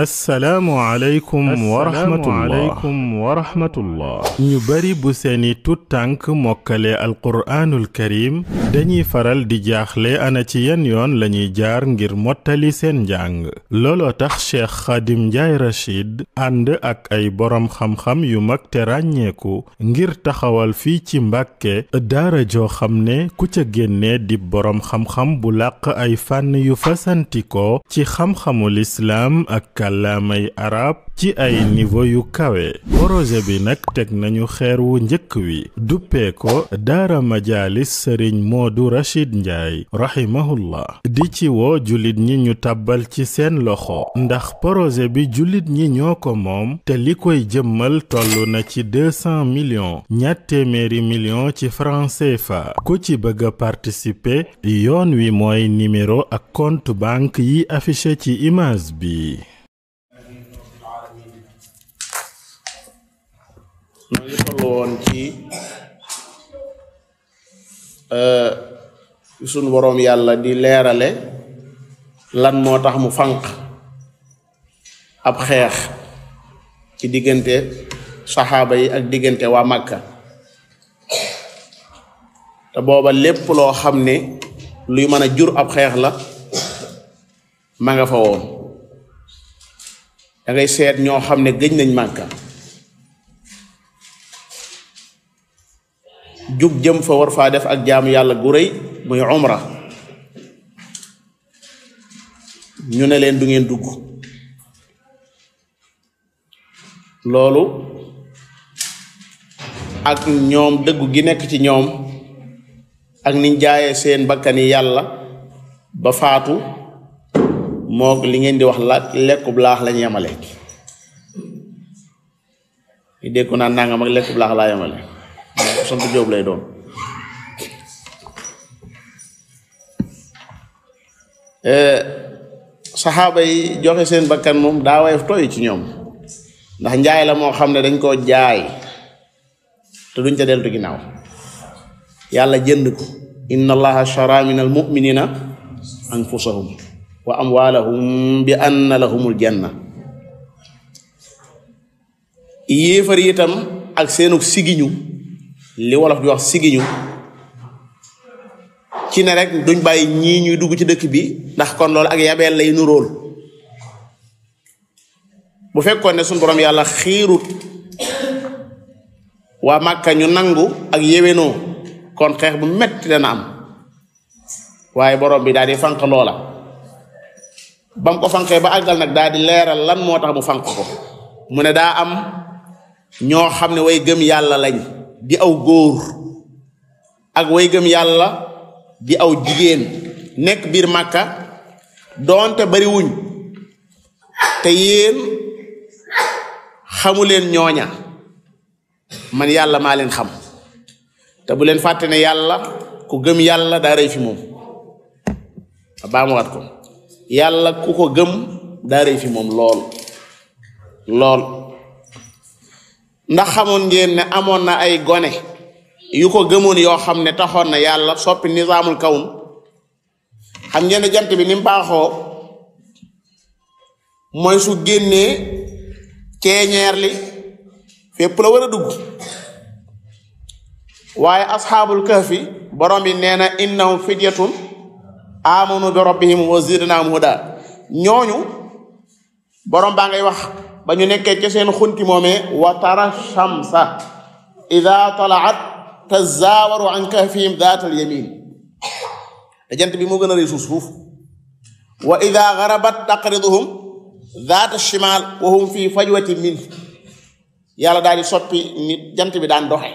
asalaamualeykum wa rahmatullah asalaamualeykum ñu bari bu seeni tuttànk mokkale alquraanul karim dañuy faral di jaaxle ana ci yan yoon lañuy jaar ngir mottali seen njàng looloo tax cheikh xadim njaay rachid ànd ak ay boroom xam-xam yu mag te ràññeeku ngir taxawal fii ci mbàkke daara joo xam ne ku ca génne di boroom xam-xam bu làq ay fànn yu fasantikoo ci xam-xamul islaam ak kàllaamay arab ci ay niveau yu kawe projet bi nag teg nañu xeer wu njëkk wi duppee ko daara majaalis sëriñ moodu rachid njaay rahimahullah di ci woo jullit ñi ñu tàbbal ci seen loxo ndax projet bi jullit ñi ñoo ko moom te li koy jëmmal toll na ci 200 millions ñatt téeméeri millions ci francs fa ku ci bëgg a participer yoon wi mooy numéro ak kont banque yi affiché ci image bi noo ngi toll woon ci euh, suñ boroom yàlla di leerale lan moo tax mu fànq ab xeex ci diggante saxaaba yi ak diggante waa Màkka te booba lépp loo xam ne luy mën a jur ab xeex la ma nga fa woon da seet ñoo xam ne gëj nañ Màkka jug jëm fa war faa def ak jaamu yàlla gu rëy muy umra ñu ne leen du ngeen dugg loolu ak ñoom dëggu gi nekk ci ñoom ak niñ jaayee seen bakkan yi yàlla ba faatu moog li ngeen di wax la lekkub laax lañu yemale li dégg ko naan nangam ak lekkub laax laa yemale sant Jóob eh, saxaaba yi joxe seen bakkan moom daa wayef toy ci ñoom ndax njaay la moo xam ne dañ koo jaay te duñ ca deltu ginnaaw yàlla jënd ko inna allaha shara min al muminina anfusahum wa amwalahum bi anna lahumul janna yéefar itam ak seenug sigiñu li wolof di wax sigiñu ci ne rek duñ bàyyi ñii ñuy dugg ci dëkk bi ndax kon lool ak yabeel lay nuróol bu fekkoon ne suñu borom yàlla xiirut waa màkka ñu nangu ak yéwénoo kon xeex bu metti dana am waaye borom bi daal di fànq loola bam mu ko fànqee ba àggal nag daal di leeral lan moo tax mu fànq ko mu ne daa am ñoo xam ne way gëm yàlla lañ di aw góor ak way gëm yàlla di aw jigéen nekk biir màkka doonte bariwuñ wuñ te yéen xamuleen ñooña man yàlla maa leen xam te bu leen fàtte ne yàlla ku gëm yàlla daa rëy moom baa mu wat ko yàlla ku ko gëm daa rëy moom lool lool ndax xamoon ngeen ne amoon na ay gone yu ko gëmoon yoo xam ne taxoon na yàlla soppi nizaamul kawn xam ngeen ne jant bi ni paaxoo moy mooy su génnee ceeñeer li fépp la war a dugg waaye asxaabul kahfi borom bi nee na amoon fidyatun amanu bi rabbihim na zidnaahum huda ñooñu borom baa ngay wax ba ñu nekkee ca seen xunti moomee wa tara shamsa ida talaat tazaawaru an kahfihim daat al yamin te jant bi moo gën a rëy suuf suuf wa ida garabat taqriduhum daat shimal wa fi fajwati min yàlla daal di soppi nit jant bi daan doxe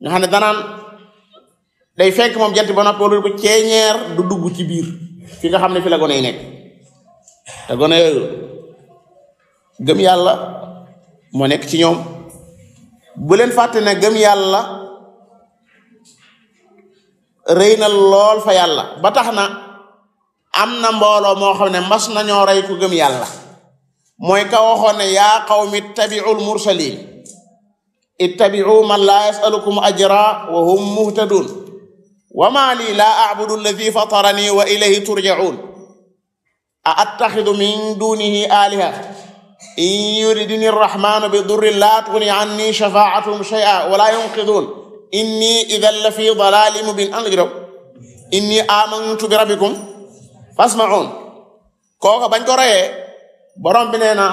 nga xam ne danaan day fekk moom jant ba noppi wala ko du dugg ci biir fi nga xam ne fi la gone yi nekk te gone yooyu gëm yàlla moo nekk ci ñoom bu fàtte ne gëm yàlla rëy na lool fa yàlla ba tax na am na mbooloo moo xam ne mas nañoo rey ku gëm yàlla mooy ka waxoon ne yaa qawmi ittabi'ul mursalin ittabi'u man laa yas'alukum ajra wa hum muhtadun wa maa lii laa a'budu alladhi fatarani wa ilayhi turja'un a attaxidu min dunihi aliha in yuridini rahmaanu bi durrin laa tugni anni shafaatuhum shay'a wala yunqidun inni idan la fi dalaalin mubin an la inni amantu bi rabbikum fasma'un kooka bañ ko reyee borom bi nee na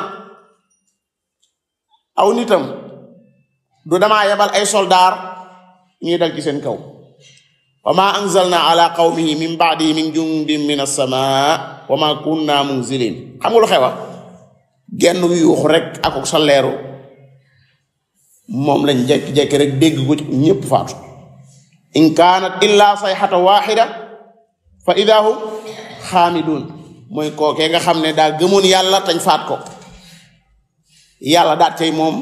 aw nitam du damaa yebal ay soldaar ñuy dal ci seen kaw wa ma anzalna ala qawmihi min ba'di min jundin min as-samaa wa ma kunna munzilin xam nga lu xewa genn wi yuuxu rek akuk sa leeru moom lañ jekki-jekki rek dégg ko ñépp faatu in kaanat illaa sayxata waaxida fa ida xaamidun mooy kookee nga xam ne daal gëmoon yàlla tañ faat ko yàlla daat tey moom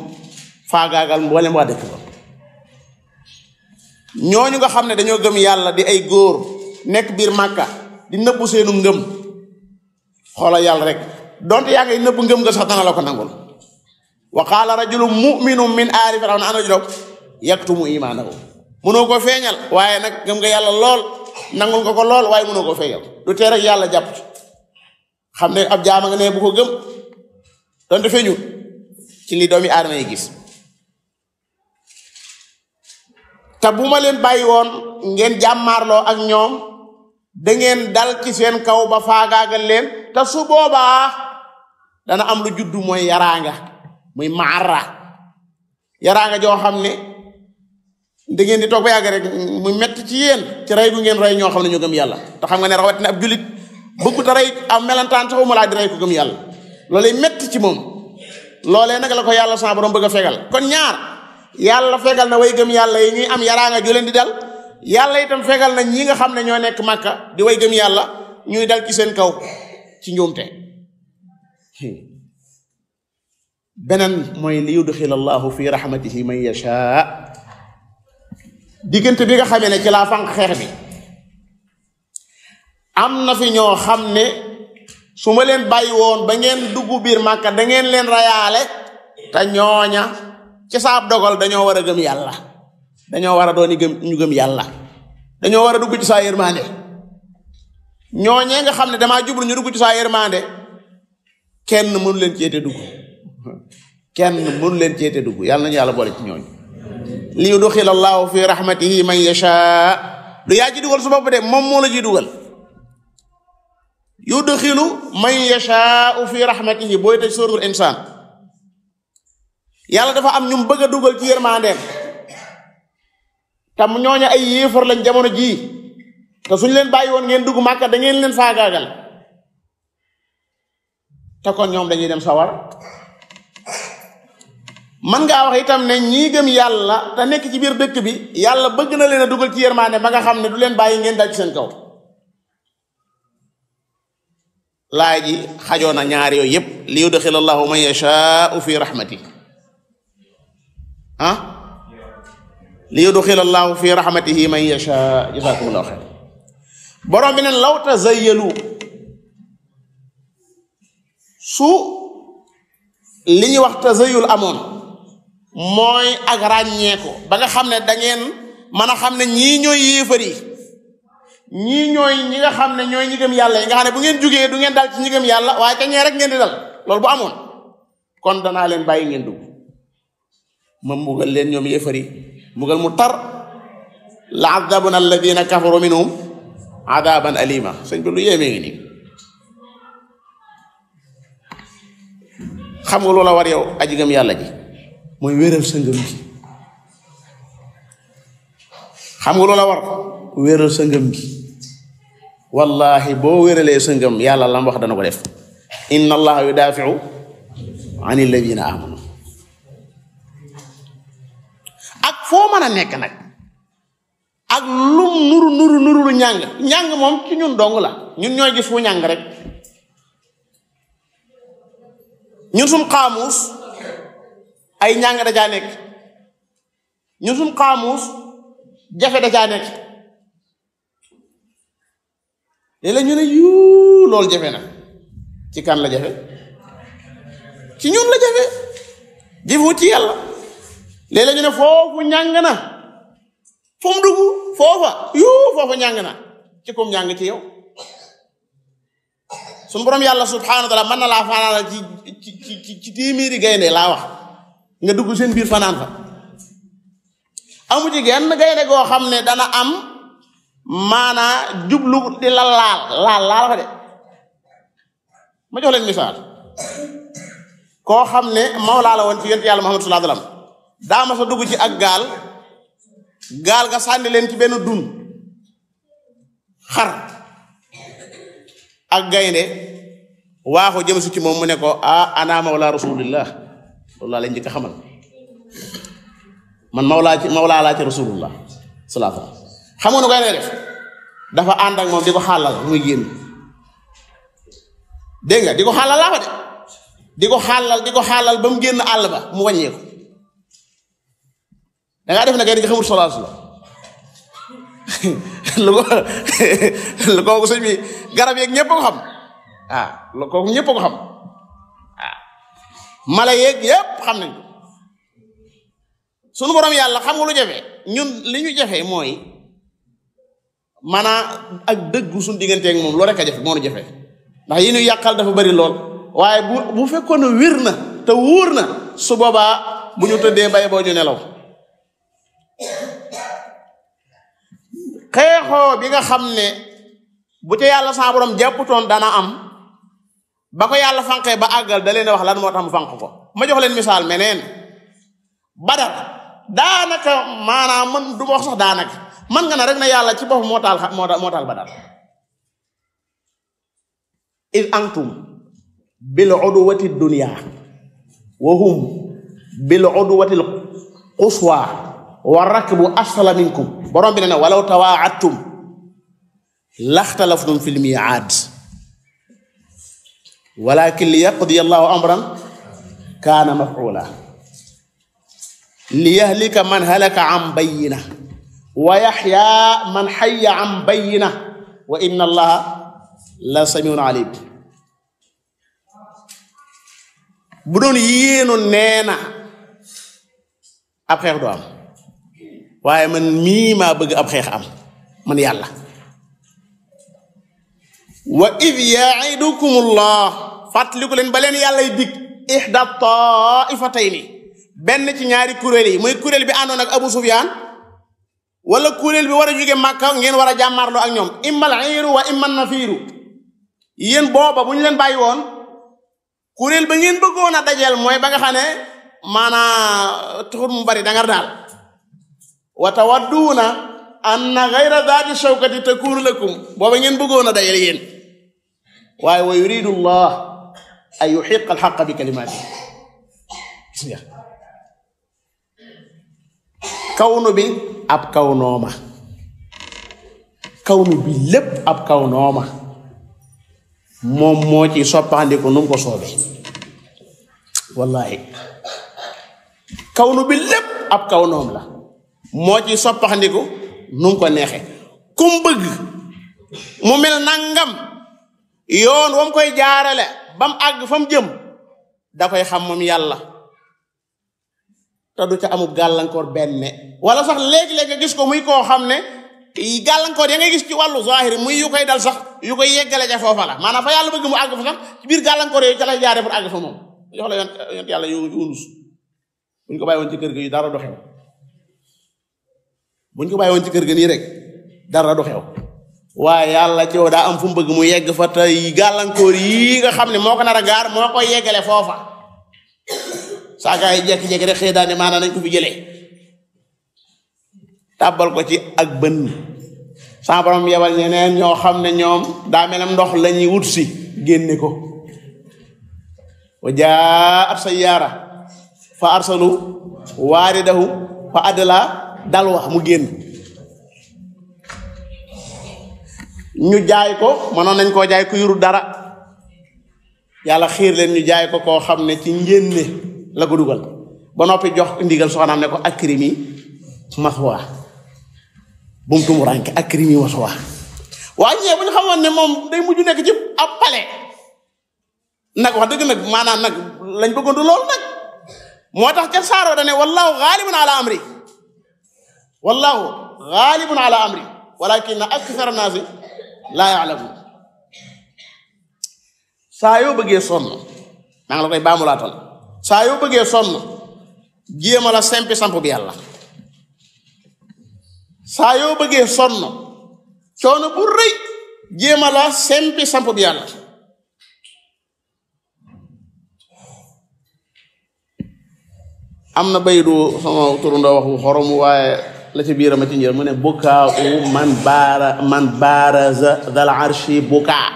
faagaagal mboolem waa dëkk ñooñu nga xam ne dañoo gëm yàlla di ay góor nekk biir màkka di nëbbu seenu ngëm xoola yàlla rek donte yaa ngay nëbb ngëm nga sax dana la ko nangul wa qaala rajulun muminun min na firawna an rajulun yaktumu imaanahu mënoo ko feeñal waaye nag ngëm nga yàlla lool nangul nga ko lool waaye mënoo ko feeñal du tee rek yàlla jàpp xam ne ab jaama nga ne bu ko gëm donte feeñul ci li doomi aadama yi gis leen bàyyi woon ngeen jàmmaarloo ak ñoom dangeen dal ci seen kaw ba faaga leen te su dana am lu juddu mooy yaraanga muy maara yaraanga joo xam ne da ngeen di toog ba yàgg rek muy metti ci yéen ci rey gu ngeen rey ñoo xam ne gëm yàlla te xam ne rawat ne ab jullit bëggu ta rey am melantaan sax yàlla loolee metti ci moom loolee nag la ko yàlla sa borom bëgg a fegal kon ñaar yàlla fegal na way gëm yàlla yi ñuy am yaraanga ju di dal yàlla itam fegal na ñi nga xam ne ñoo nekk màkka di way gëm yàlla ñuy dal ci seen kaw ci njuumte beneen mooy li yudxil allahu fi rahmatihi man yashaa diggante bi nga xamee ne ci la fànq xeex bi am na fi ñoo xam ne su ma leen bàyyi woon ba ngeen dugg biir màkka da ngeen leen rayaale te ñooña ci saab dogal dañoo war a gëm yàlla dañoo war a doon gëm ñu gëm yàlla dañoo war a dugg ci saa ñooñee nga xam ne damaa jublu ñu dugg ci saa yërmande kenn mënu leen ceete dugg kenn mënu leen ceete dugg yàlla nañu yàlla boole ci ñooñu li yudxila allahu fi rahmatihi man yashaa du yaa ci dugal su de moom moo la ciy dugal yudxilu man yashaau fi rahmatihi booy tëj sóorul insaan yàlla dafa am ñu mu bëgg a dugal ci yërmandeem te mu ñooñu ay yéefar lañ jamono jii te suñ leen bàyyi woon ngeen dugg màkka da ngeen leen faagaagal te kon ñoom dañuy dem sawar man ngaa wax itam ne ñii gëm yàlla te nekk ci biir dëkk bi yàlla bëgg na leen a dugal ci ne ba nga xam ne du leen bàyyi ngeen dal seen kaw laay xajoon na ñaari yooyu yépp li yudxil allahu man yashaau fi rahmati ah li yudxil allahu fi rahmatihi borom bi neen law tazayyalu su li ñuy wax tazayul amoon mooy ak ràññee ko ba nga xam ne da ngeen mën a xam ne ñii ñooy yéefar ñii ñooy ñi nga xam ne ñooy ñi gëm yàlla yi nga xam ne bu ngeen jugee du ngeen daal ci ñi gëm yàlla waaye ca ñee rek ngeen di dal loolu bu amoon kon danaa leen bàyyi ngeen dugg ma mbugal leen ñoom yéefar yi mbugal mu tar la adabuna alladina kafaru minhum adaban alima sëñ bi lu yéemee ngi nii xam nga loola war yow aji gëm yàlla ji mooy wéeral sa ngëm gi xam nga loola war wéeral sa ngëm gi wallahi boo wéeralee sa yàlla lam wax dana ko def inna allaha yudaafiu an alladina amanu ak foo mën a nekk nag ak lum nuru nuru nuru lu ñàng ñàng moom ci ñun dong la ñun ñooy gis fu ñàng rek ñun suñ xaamuus ay ñàng dajaa nekk ñun suñ xaamuus jafe dajaa nekk léeg ñu ne yuu loolu jafe na ci kan la jafe ci ñun la jafe jëfewut ci yàlla léeg-léeg ñu ne foofu ñàng na fu mu dugg foofa yuu foofa ñàng na ci kom ñàng ci yow suñu borom yàlla subhaanahu wa taala mën na laa fanaana ci ci ci ci téeméeri gaynde laa wax nga dugg seen biir fanaan fa amu ci genn gaynde goo xam ne dana am maanaa jublu di la laal laal laal fa de leen misaal koo xam ne mawlaa la woon ci yonent yàlla Muhammad sallallahu alayhi daa ma sa dugg ci ak gaal gaal nga sànni leen ci benn dun xar ak gaynde waaxu jëm si ci moom mu ne ko ah ana mawla rasulillah loolu laa leen njëkk a xamal man mawlaa ci mawlaa laa ci rasulullah salaatu xam nga nu gaynde def dafa ànd ak moom di ko xàllal muy génn nga di ko xàllal laa di ko xàllal di ko xàllal ba mu génn àll ba mu wàññeeku dangaa def na gaynde gi xamul salaatu la lu ko lu kooku sëñ bi garab yeeg ñëpp ko xam waaw ah, lu kooku ñëpp ko xam waaw ah, mala yeeg yëpp xam nañ ko sunu borom yàlla xam nga lu jafe ñun li ñu jafe mooy maanaam ak dëggu suñu digganteeg moom loolu rek a jafe moo nu jafe ndax yi ñu yàqal dafa bari lool waaye bu bu fekkoon ne wiir na te wóor na su boobaa bu ñu tëddee bay boo ñu law xeexoo bi nga xam ne bu ca yàlla saa borom jàpputoon am ba ko yàlla fanqee ba àggal da leen wax lan moo tax mu fanq ko ma jox leen misaal meneen badar daanaka maanaam man du ma wax sax daanaka man nga ne rek na yàlla ci bopp moo taal moo moo taal badar id antum bil udwati dunya wa hum bil wa rakbu asfala minkum borom bi ne na walaw tawaattum laxtalaftum fil miiaad walakin li yaqdi allahu amran kaana mafula li yahlika man halaka an bayina wa yaxya man xaya an bayina wa inna allaha la samiun alim bu doon yéenu nee na ab xeex du am waaye man mii ma bëgg ab xeex am man yàlla wa id yaidukum allah fàttaliku leen ba leen yàllay dig ihda taifatayni benn ci ñaari kuréel yi muy kuréel bi àndoon ak abu sufyaan wala kuréel bi war a jóge màkka ngeen war a jàmmaarloo ak ñoom immal iiru wa immal nafiiru yéen booba bu ñu leen bàyyi woon kuréel ba ngeen bëggoon a dajeel mooy ba nga xam ne maanaa taxul mu bari dangar daal wa tawadduuna anna gayra daati shawkati lakum booba ngeen bëggoon a dayal yéen waaye wa yuridu llah an yuxiqa alxaqa bi kalimaati gis nga kawnu bi ab kawnooma kawnu bi lépp ab kawnooma moom moo ci soppandiku nu mu ko soobee wallahi kawnu bi lépp ab kawnoom la moo ci soppaxndiku nu mu ko neexe ku mu bëgg mu mel nangam yoon wam koy jaarale ba mu àgg fa mu jëm dafay xam moom yàlla te du ca amul gàllankoor benn wala sax léegi-léegi nga gis ko muy koo xam ne gàllankoor ya ngay gis ci wàllu zahir muy yu koy dal sax yu koy yeggale ca foofala la maanaam fa yàlla bëgg mu àgg fa sax ci biir gàllankoor yooyu ca lay jaare pour fa moom jox la yont yàlla yu unus buñ ko bàyyi woon ci kër gi yu dara doxew buñ ko bàyyi woon ci kër ga nii rek dara du xew waaye yàlla ci daa am fu mu mu yegg fa tey gàllankoor yi nga xam ne moo ko nar a gaar moo koy yeggale foofa saa gaa yi jekki-jekki rek xëy daane ko fi jëlee tàbbal ko ci ak bënn sa borom yebal ñoo xam ne ñoom daa melam ndox la ñuy wut si génne ko wa fa arsalu dal wax mu génn ñu jaay ko mënoon nañ koo jaay ku dara yàlla xiir leen ñu jaay ko koo xam ne ci njénne la ko ba noppi jox ndigal soxnaam ne ko akrimi maswa bu mu tumuraanke akrimi maswa waaye ñee bu ñu xamoon ne moom day mujj nekk ci ab pale nag wax dëgg nag maanaam nag lañ bëggoon du loolu nag moo tax ca saaro dane wallahu xaalibun ala amri wallahu gaalibun ala amri walakinna akthara naasi laa yaalamuun saa yoo bëggee sonn maa la koy baamulaatal saa yoo bëggee sonn jéema la sempi bi yàlla saa bëggee sonn coono bu rëy jéema la sempi bi yàlla am na baydu sama turundoo waxu xorom waaye la ci biirama ci njër mu ne bukaa u man baaraza dal arshi bukaa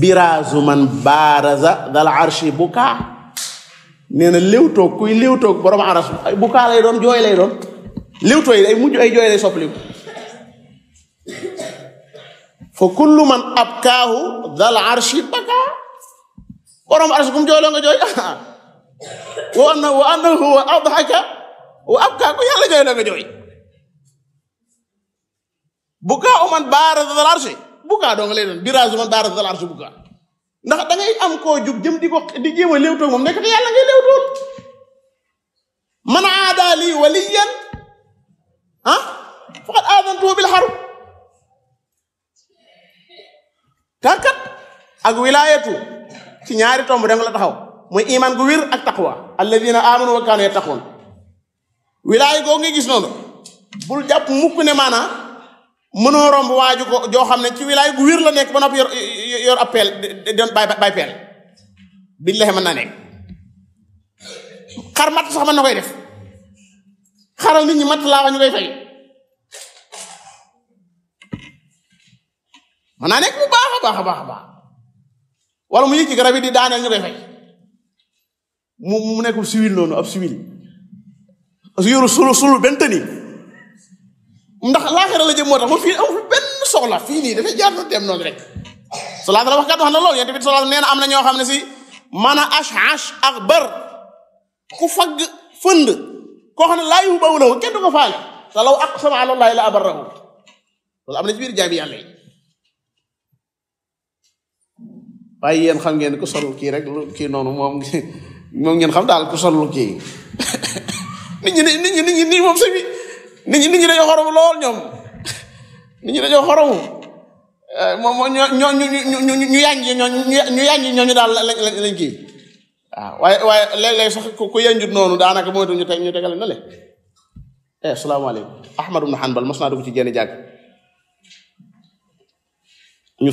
biraazu man baaraza dal arshi bukaa nee na léwtoog kuy léwtoog borom aras ay lay doon jooy lay doon léwtoo yi ay mujj ay jooy lay soppaliku fa kullu man abkaahu dal arshi bakaa borom aras kum jooyloo nga jooy wa anna wa annahu adhaka wa kaa ko yàlla jooy la nga jooy bukaa uman baara dal arsi ndax da am koo jug jëm di ko di jéem a léewtoog moom nekk te yàlla ngay léewtool man aadaa lii waliyan ah faqad aadantuhu bil harb kàkkat ak wilaayatu ci ñaari tomb dem la taxaw muy iman gu a ak taqwa alladina amanu wa kaanu yattaquun wilaay goo nga gis noonu bul jàpp mukk ne maanaa mënoo romb waaju ko joo xam ne ci wilaay gu wér la nekk ba noppi yor yor ab peel doon bay la mën naa nekk xar matt sax mën na koy def xaral nit ñi matt laa wax ñu koy fay mën naa nekk bu baax a baax a baax a mu yëg ci garab yi di daaneel ñu koy fay mu mu nekkul siwil noonu ab siwil parce que yoru sulu sulu benn tëni ndax laaxira la jëm moo tax mu fii amul benn soxla fii nii dafay jaar dem noonu rek su laata wax kat loolu yéen tamit soo nee na am na ñoo xam ne si man a ak bër ku la kenn du ko faale te ak sama loolu laay la abarrahu am na ci jaabi yàlla waaye yéen xam ngeen ku solul kii rek kii noonu moom ngeen xam daal ku solul kii nit ñi nit ñi nit ñi nii moom sëñ bi nit ñi nit ñi dañoo xoromu lool ñoom nit ñi dañoo xoromu eh, moom moom ñoo ñoo ñu ñu ñu ñu ñoo ñu ñu daal lañ lañ kii waaw ah, waaye waaye léeg-léeg sax ku yànjut noonu daanaka moytu ñu teg ñu tegale na le eh salaamaaleykum Ahmad ibn Hanbal mos naa dugg ci jenn jàgg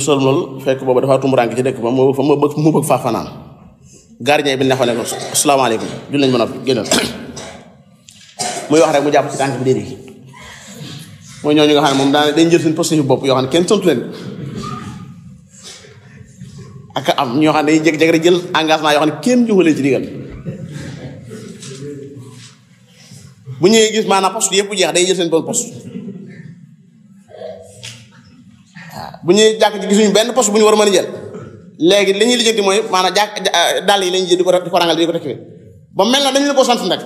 sol lool fekk boobu dafa tumurànk ci dëkk ba mu bëgg mu bëgg bi neexoon ne ko salaamaaleykum julli nañ muy wax rek mu jàpp ci tànk bi dér yi mooy ñooñu nga moom daal dañ jël seen positif bopp yoo xam kenn tontu leen am ñoo xam ne dañuy jékki-jékki jël engagement yoo xam ne kenn joxu leen ci digal bu ñëwee gis maanaam poste yëpp jeex day jël seen bon poste waaw bu ñëwee jàkk ci gisuñu benn poste bu ñu war a mën a jël léegi li ñuy lijjanti mooy maanaam jàkk dàll yi lañuy jël di ko di ko rangal di ko tekki ba mel na dañu la ko sant nag.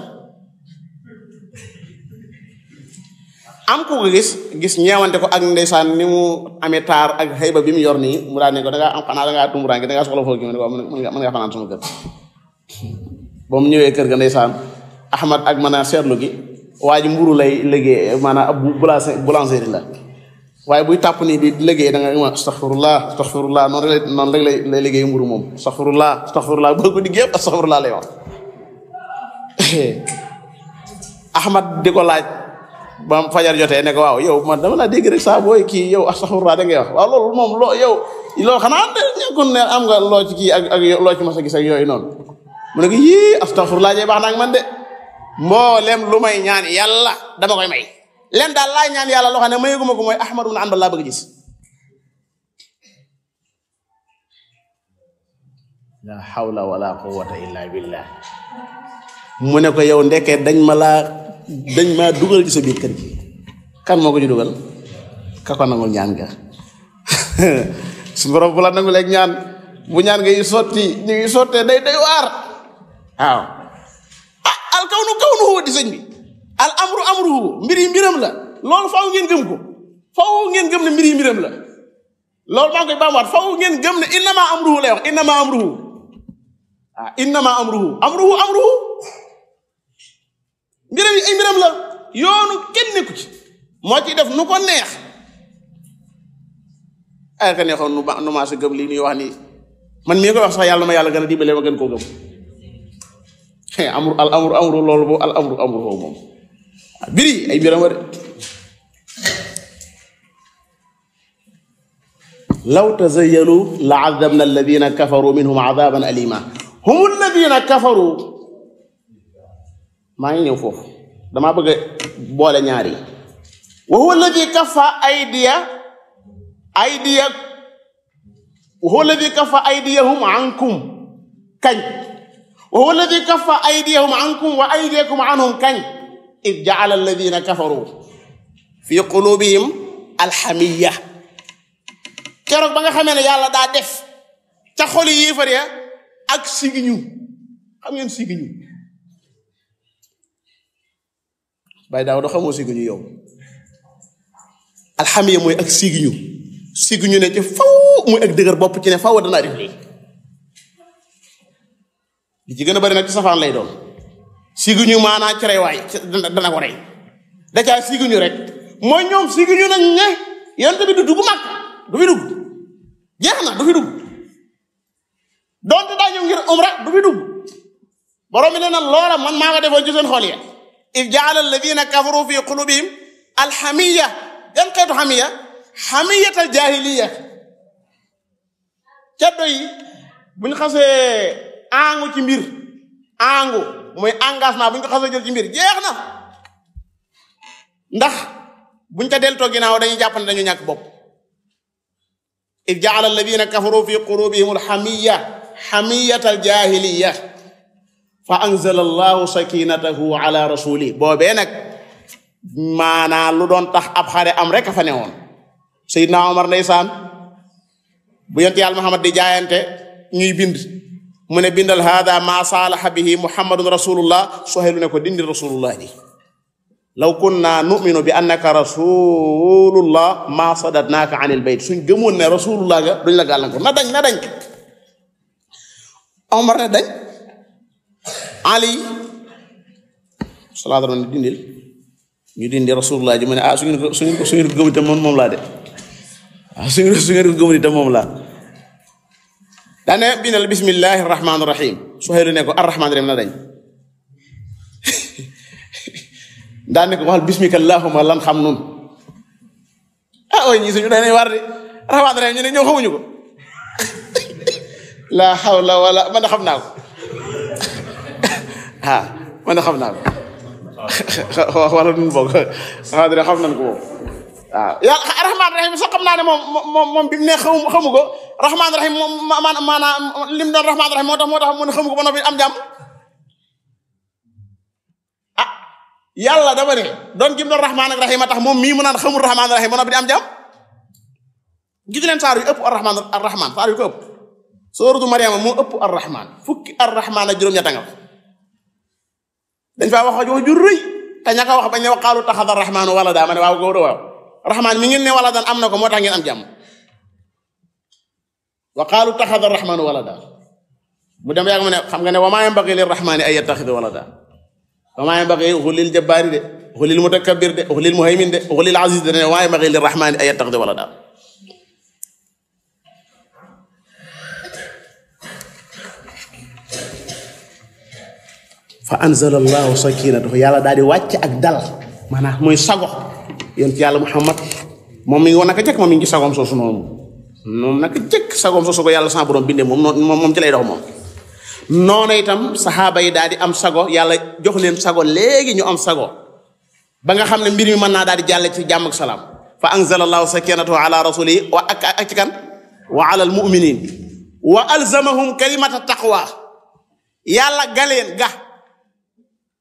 am ku gis gis ñeewante ko ak ndeysaan ni mu amee taar ak xëyba bi mu yor nii mu daal ne ko da ngaa am xanaa da ngaa tumuraange da ngaa soxla foofu gi mu ne ko nga fanaan sama kër ba mu ñëwee kër ga ndeysaan ahmad ak mën a seetlu gi waa ji mburu lay liggéey maanaam ab boulangerie la waaye buy tàpp nii di liggéey da nga ma astaxfirullah astaxfirullah noonu rek noonu rek lay lay liggéey mburu moom astaxfirullah astaxfirullah boo ko diggee astaxfirullah lay wax ahmad di ko laaj ba fajar jotee ne ko waaw yow man dama laa dégg rek saa booy kii yow astaxfirullah da ngay wax waaw loolu moom loo yow loo xanaa nekkul ne ci kii loo ci mas a gis ak yooyu noonu mu ne ko yii na ak man lu may ñaan yàlla dama koy may leen daal laay ñaan yàlla loo xam ne mayeguma ko mooy ahmadu ibn hanbal laa bëgg gis la ndeke dañ ma dañ maa dugal ci sa kër gi kan moo ko dugal ka ko nangul ñaan nga su borom bu la nangu leeg ñaan bu ñaan nga yu sotti ñu ngi sottee day day waar waaw ah al kawnu kawnu huwa di sëñ bi al amru amruhu mbir yi mbiram la loolu faaw ngeen gëm ko faaw ngeen gëm ne mbir yi mbiram la loolu maa ngi koy baamuwaat faaw ngeen gëm ne innama amruhu lay wax innama amruhu ah innama amruhu amruhu amruhu mbiram yi ay mbiram la yoonu kenn nekku ci moo ci def nu ko neex ay ka neexoon nu ma nu maa si gëm lii ñuy wax nii man mii ko wax sax yàlla ma yàlla gën a dimbale ma gën koo gëm amru al amru amru loolu boobu al amru amru ah, biri ay mbiram wa de law tazayyalu la azabna alladina hum alladina kafaru maa ngi ñëw foofu dama bëgg a boole ñaari wa huwa alladi kafa aydiya aydiya wa huwa alladi kafa aydiyahum ankum kañ wa huwa alladi kafa aydiyahum ankum wa aydiyakum anhum kañ id jaala alladina kafaru fi qulubihim alxamiya keroog ba nga xamee ne yàlla daa def ca xoli yéefar ya ak sigiñu xam ngeen sigiñu bay daaw da xamoo sigiñu yow alxamiya mooy ak sigiñu sigiñu ne ci faw muy ak dëgër bopp ci ne faw danaa def lii li ci gën a bari nag ci safaan lay doon sigiñu maanaa ci rey waay dana ko da caa sigiñu rek mooy ñoom sigiñu nañ ne yonte bi du dugg màkk du fi dugg jeex na du fi dugg donte daa ñëw ngir umra du fi dugg borom bi na loola man maa ko ci seen xol ya if jaala alladina kafaru fi qulubihim alxamiya yan xeetu xamiya xamiyatal jaahiliya ceddo yi bu ñu xasee aangu ci mbir aangu mooy engagement bu ñu ko xasee ci mbir jeex na ndax buñ ca deltoo ginnaaw dañuy jàpp ne dañu ñàkk bopp if jaala alladina kafaru fi qulubihim alxamiya xamiyatal jaahiliya fa anzala allahu sakinatahu ala rasuli boobee nag maanaa lu doon tax ab xare am rek a omar ndeysaan bu yonte yàlla muhammad di jaayante ñuy bind mu ne bindal hada ma saalaha bihi muhammadun rasulullah sohelu ne ko dindi rasulullah ji law kunna numinu bi annaka rasulullah ma sadatnaaka anil bayt ne dañ ali sallallahu alayhi dindil ñu dindi rasulullah ji mu ne ko su ngeen ko su ngeen ko moom laa de ah su ngeen su ngeen ko gëm itam moom laa daane bindal bismillahi rahmaani rahiim Suhayl ne ko arrahmaani rahiim na dañ daane ko waxal bismika allahumma xam nun ah ooy ñii suñu dañuy war di rahmaani rahiim ñu ne ñoo xamuñu ko laa xawla wala man xam naa ko. ah man de xam naa ko wala nun bokk xaadira xam nañ xam ne moom moom ko rahmaan rahim moom li mu doon rahmaan rahim moo tax moo tax mu ne am jàmm ah yàlla dama ne doon gi mu doon rahmaan ak tax moom mii mu naan xamul rahmaan rahim ba noppi di am jàmm gis leen saar yu ëpp ar rahmaan saar yu ko ëpp sóoratu Mariama moo ëpp ar rahmaan fukki ar rahmaan ak juróom-ñett dañ faa wax wax joo ju rëy te ña ko wax bañ ne waqaalu taxada rahmaanu walada ma ne waaw góor waaw rahmaan mi ngeen ne waladan am na ko moo tax ngeen am jàmm waqaalu taxada rahmaanu walada mu dem yàgg mu ne xam nga ne wa maa yambagi lir rahmaani ay yattaxida walada wa maa yambagi xulil jabbaari de xulil mutakabbir de xulil muhaymin de xulil aziz de ne wa maa yambagi lir rahmaani ay yattaxida walada fa anzalallahu sakinatahu yàlla daal di wàcc ak dal maanaam mooy sago yéen ci Muhammad moom mi ngi woon naka jëkk moom mi ngi ci sagoom soosu noonu moom naka jëkk sagoom soosu ko yàlla sa borom bindee moom moom moom ci lay dox moom. noonu saxaaba yi daal di am sago yàlla jox leen sago léegi ñu am sago ba nga xam ne mbir mi mën naa daal di jàll ci jàmm ak salaam fa anzalallahu sakinatahu ala rasulihi wa ak ak ci kan wa galeen ga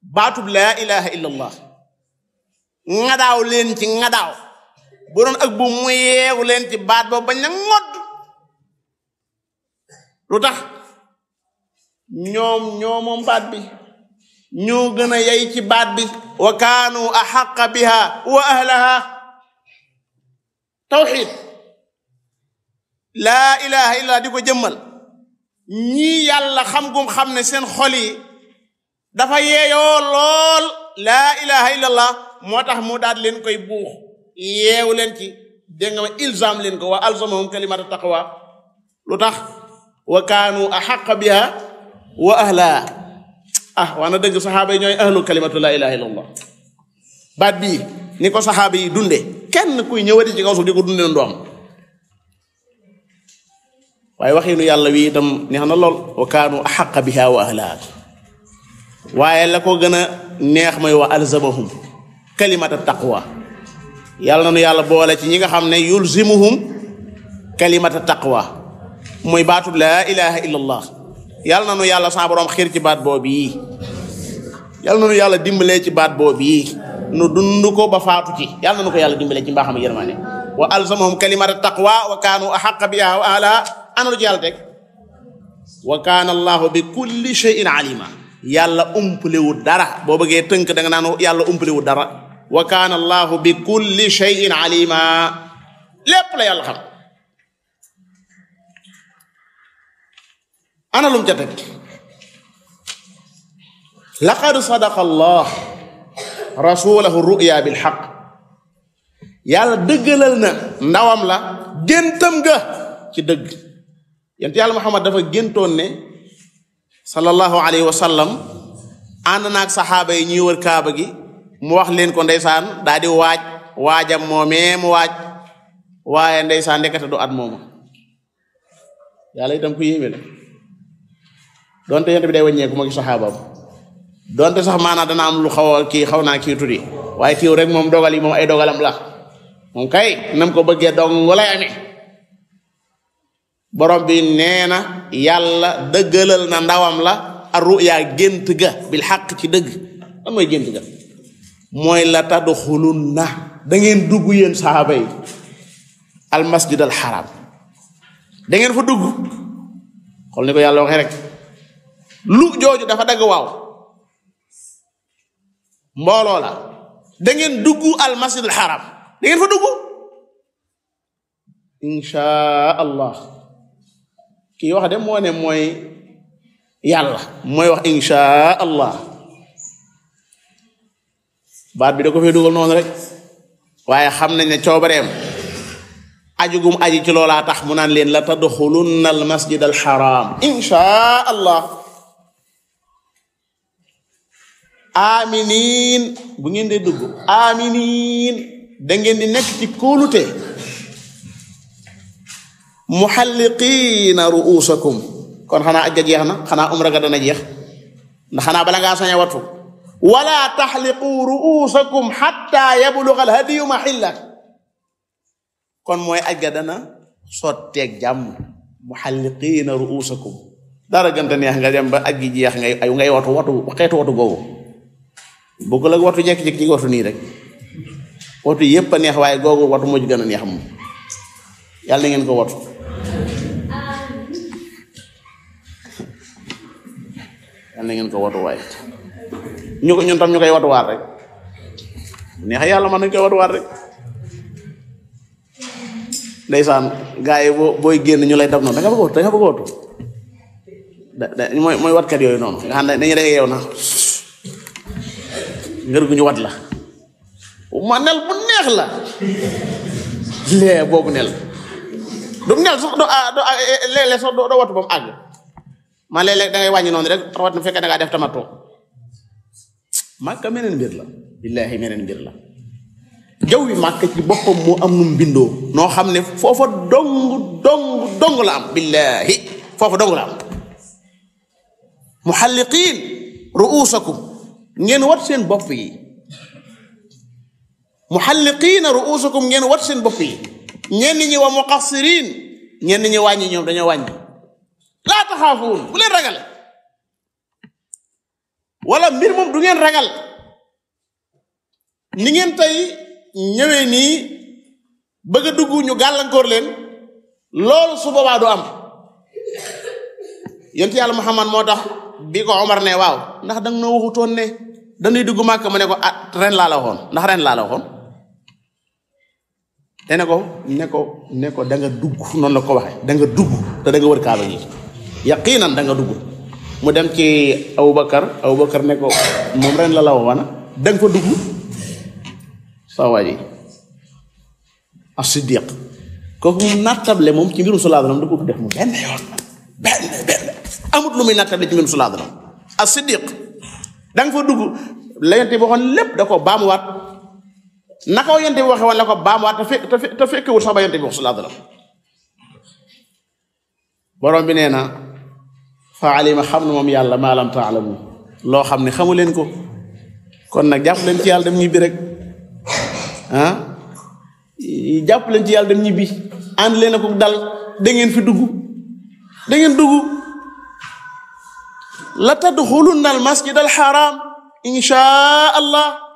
baatub laa ilaha illallah ngadaaw leen ci ngadaaw bu doon ak bu mu leen ci baat ba bañ na ngodd lu tax ñoom ñoo baat bi ñoo gën a yey ci baat bi wa kaanu axaqa biha wa ahlaha tawxid laa ilaha illallah di ko jëmmal ñii yàlla xam gum xam ne seen xol dafa yeeyoo lool laa ilaha illallah moo tax mu daal leen koy buux yeew leen ci dégg nga ma ilzam leen ko wa alzamahum kalimata taqwa lu tax wa kaanu axaqa biha wa ahlaha ah waa na dëgg saxaaba yi ñooy ahlu kalimatu laa ilaha illallah baat bi ni ko saxaaba yi dunde kenn kuy ñëwati ci kaw suuf di ko dunde ndoom waaye waxiinu yàlla wi itam neex na lool wa kaanu axaqa biha wa ahlaha waaye la ko gën a neex mooy wa alzamahum kalimata taqwa yàlla na nu yàlla boole ci ñi nga xam ne yulzimuhum kalimata taqwa mooy baatu laa ilaha illallah yàlla na nu yàlla sa xiir ci baat boobu yi yàlla na nu yàlla dimbalee ci baat boobu yi nu dund ko ba faatu ci yàlla na nu ko yàlla dimbalee ci mbaaxam yërmaane wa alzamahum kalimata taqwa wa kaanu axaqa biha wa ala ana ci yàlla teg wa kaana allahu bi kulli shay'in alima yàlla umpalewul dara boo bëggee tënk da nga naan yàlla umpalewul dara wa kaana allahu bi kulli shay'in alima lépp la yàlla xam ana lum ca teg laqad sadaqa allah rasulahu ruya bil xaq yàlla dëggalal na ndawam la gëntam nga ci dëgg yent yàlla muhammad dafa géntoon ne sallallahu alayhi wa sallam ànd naag saxaaba yi ñuy wër kaaba gi mu wax leen ko ndeysaan daal di waaj waajam moomee mu waaj waaye ndeysaan ndekete du at moomu yàlla itam ku yéeme la donte yonte bi day wàññeeku ma gi saxaabaam donte sax maanaam dana am lu xaw kii xaw naa kii tuddi waaye tiiw rek moom dogal yi moom ay dogalam la moom kay nam ko bëggee dong lay amee borom bi nee na yàlla dëggalal na ndawam la a ruyaa gént ga bil xaq ci dëgg lan mooy gént ga mooy la tadxulun na da dugg yéen sahaaba yi al masjid al xaram da ngeen dugg xool ni ko lu jooju dafa dagg waaw mbooloo la da ngeen dugg al masjid al xaram da ngeen fa dugg insha allah kii wax de moo ne mooy yàlla mooy wax insha allah baat bi da ko fee dugal noonu rek waaye xam nañ ne coobareem ajugum aji ci tax mu naan leen la tadxulunna al masjid al xaram insha allah aminin bu ngeen dee dugg aminin da ngeen di nekk ci muxalliqiina ruusakum kon xanaa ajja jeex na xanaa umra ga dana jeex ndax xanaa bala ngaa sañ a wattu wala taxliqu ruusakum xatta yabluga alhadiyu maxilla kon mooy aj ga dana sotteeg jàmm muxalliqiina ruusakum dara gënta neex nga dem ba aj gi jeex ngay ay ngay watu watu xeetu watu googu bokkul la watu jekk-jekk ji watu nii rek watu yépp a neex waaye googu watu mujj gën neex moom yàlla na ngeen ko watu yal na ngeen ko watuwaay ñu ko ñun tam ñu koy watuwaat rek neex yàlla man nañu koy watuwaat rek ndeysaan gars yi boo booy génn ñu lay dab noonu da nga bëgg watu da nga bëgg watu mooy mooy watkat yooyu noonu nga xam ne dañuy def yow na ngër gu ñu wat la manel bu neex la lee boobu nel du nel sax doo ah, doo ah, eh, eh, léeg-léeg sax doo wattu ba mu àgg ma léeg-léeg da noonu rek rawat na fekkee da ngaa def tamatu màkka meneen mbir la billaahi meneen mbir la jaww bi màkk ci boppam moo am nu mbindoo noo xam ne foofa dong dong dong la am billaahi foofa dong la am muxalliqiin ruusakum ngeen wat seen bopp yi muxalliqiina ruusakum ngeen wat seen bopp yi ñenn ñi wa muqassirin ñenn ñi wàññi ñoom dañoo wàññi laa taxaafuun bu leen ragal wala mbir moom du ngeen ragal ni ngeen tey ñëwee nii bëgg a gàllankoor leen lool su boobaa du am yonent yàlla xaman moo tax bi ko Omar ne waaw ndax danga noo waxutoon ne dañuy dugg màkk mu ne ko ah ren laa la waxoon ndax ren laa la waxoon te ne ko ne ko ne da nga dugg noonu la ko waxee da nga dugg te da nga wër kaaba gi yaqinan danga dugg mu dem ci Aboubacar Aboubacar ne ko moom ren la la woon da nga fa dugg sa waa ji as-Siddiq kooku mu nattable moom ci mbirum sallallahu alayhi wasallam def mu benn yoon benn benn amut lu muy nattable ci mbirum sallallahu alayhi wasallam siddiq da fa dugg la yonent bi lépp da ko baamuwaat. naka ko yonent bi waxee woon la ko baamuwaat te fe te fekkewul sax ba yonent bi wax sallallahu alayhi bi nee fa alima xam ne moom yàlla maa lam loo xam ne xamu leen ko kon nag jàpp leen ci yàlla dem ñibbi rek ah leen ci yàlla dem ñibbi da ngeen fi dugg da ngeen dugg la tadxulunna al masjid al xaram insha allah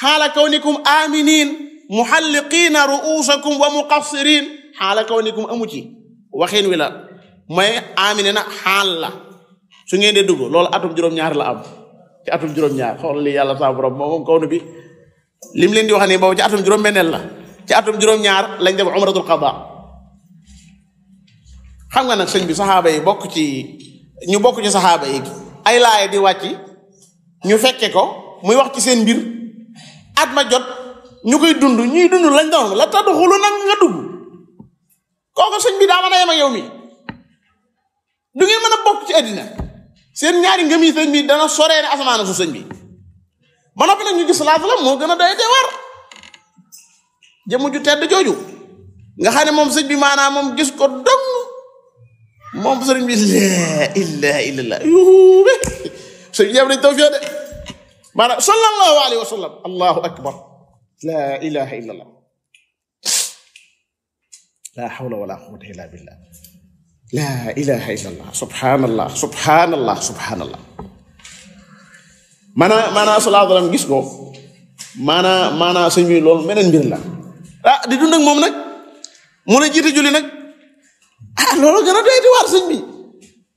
xaala kawnikum aminin muxalliqiina ruusakum wa muqassirin xaala kawnikum amu ci waxin wi la mooy amine na xaal la su ngeen dee dugg loolu atum juróom-ñaar la am ci atum juróom-ñaar xool li yàlla sa borom moom moom kaw nu leen di wax nii boobu ci atum juróom-benneel ci atum juróom lañ def umratul qada xam nga nag sëñ bi saxaaba yi bokk ci ñu bokk ci saxaaba yi ay laaya di wàcc ñu fekke ko muy wax ci seen mbir at ma jot ñu koy dund ñuy dund lañ doon la taddu xulu nag nga dugg kooku sëñ bi daa mën a yem ak yow mi du ngeen a bokk ci àddina seen ñaari ngëm yi sëñ dana soree ne asamaan su sëñ bi ñu gis laaf la moo gën a doy ju tedd jooju nga xam ne moom sëñ bi maanaam moom gis ko dong moom sëriñ bi laa ilaaha illallaah yuube sëñ bi yem nañ tawfiya de maanaam sallallahu alayhi wa sallam allahu akbar la ilaha illa allah la hawla wala quwwata maanaa maanaa sallallahu alayhi gis ko maanaa maanaa sëñ bi meneen mbir ah di dund ak moom nag mu la jiite julli nag ah loolu gën a doy di waar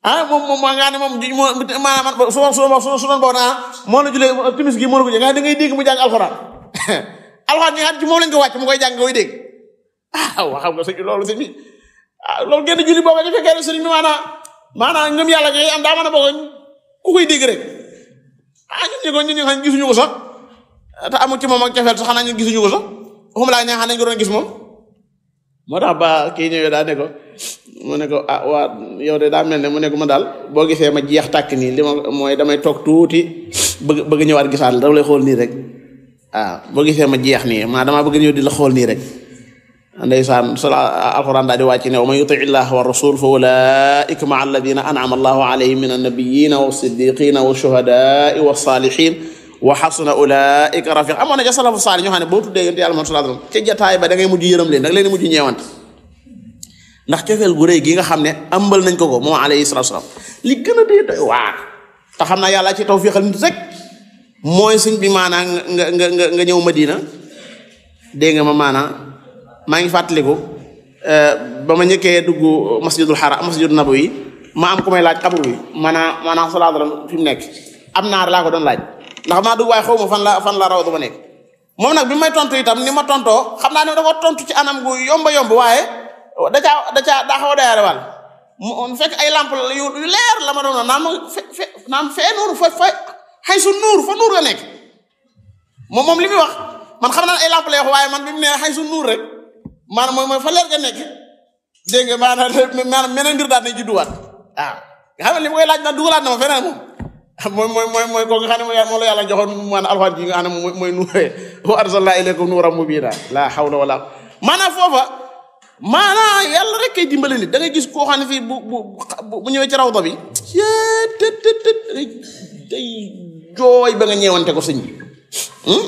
ah moom moom maa ngaa moom maanaam su su su su doon boo naa ko jël lañ ko wàcc mu koy jàng nga dégg ah, xam nga sëñ bi loolu sëñ ah, loolu génn julli boobu dafa fekkee ne yàlla ngay am daa mën a bokk ku koy dégg rek ah ñun ñu ko ñun ñu xam gisuñu ko sax te amu ci moom ak cofeel sax xanaa ñun gisuñu ko sax waxuma laa ñaa xam nañ ko gis moom moo tax ba kii ñëwee daa ne ko mu ne ko ah waa yow de daa mel ne mu ne ma daal boo gisee ma jeex tàkk nii li ma mooy damay toog tuuti bëgg bëgg ñëwaat gisaat la dama lay xool nii rek waaw ah, boo gisee ma jeex nii maa damaa bëgg ñëw di la xool rek ndeysaan sala alquran daal di wàcc ne wa man yuti illah wa rasul fa ulaika maa alladina anama allahu alayhim min annabiyina wa siddiqina wa shuhadaa wa salihin wa xasuna ulaika rafiq amoon na ca salafu saali ñoo xam ne boo tuddee yonte yàlla moom sallallahu alayhi wasallam ca jataay ba da ngay mujj yërëm leen da nga leen nga xam ne ambal nañ ko ko moom alayhi salatu wasalam li gën xam naa yàlla ci tawfiixal nit rek mooy sëñ bi maanaa nga nga nga nga ñëw Madina dégg nga ma maanaa maa ngi fàttaliku eh, ba ma njëkkee dugg masjidul xara masjidul nabawi ma am ku may laaj xabru bi maanaa maanaa sallallahu fi mu nekk am naar laa ko doon laaj ndax maa dugg waaye xaw ma fan la fan la raw dama nekk moom nag bi may tontu itam ni ma tonto xam naa ne da ko tontu ci anam gu yomba yomb waaye da caa da caa daa a dayaare wàll mu fekk ay lamp yu la ma doon naan naan fe su nuur fa nuur la nekk moom li muy wax man xam naa ay lamp lay waaye man bi mu nee xëy su nuur rek maanaam mooy mooy fa leer ga nekk dégg nga maanaam maanaam meneen mbir daal nañ xam ne li ma koy laaj nag dugalaat na ma feneen moom. mooy mooy mooy mooy kooku xam ne moom la yàlla joxoon maanaam alxuraan gi nga xam ne mooy mooy nuuree wa arsalnaa ilaykum nuuran mubiinaa laa hawla wala maanaam foofa maanaam yàlla rek kay dimbale nit da ngay gis koo xam ne fii bu bu bu ñëwee ci rawda bi day jooy ba nga ñeewante ko sëñ bi hmm?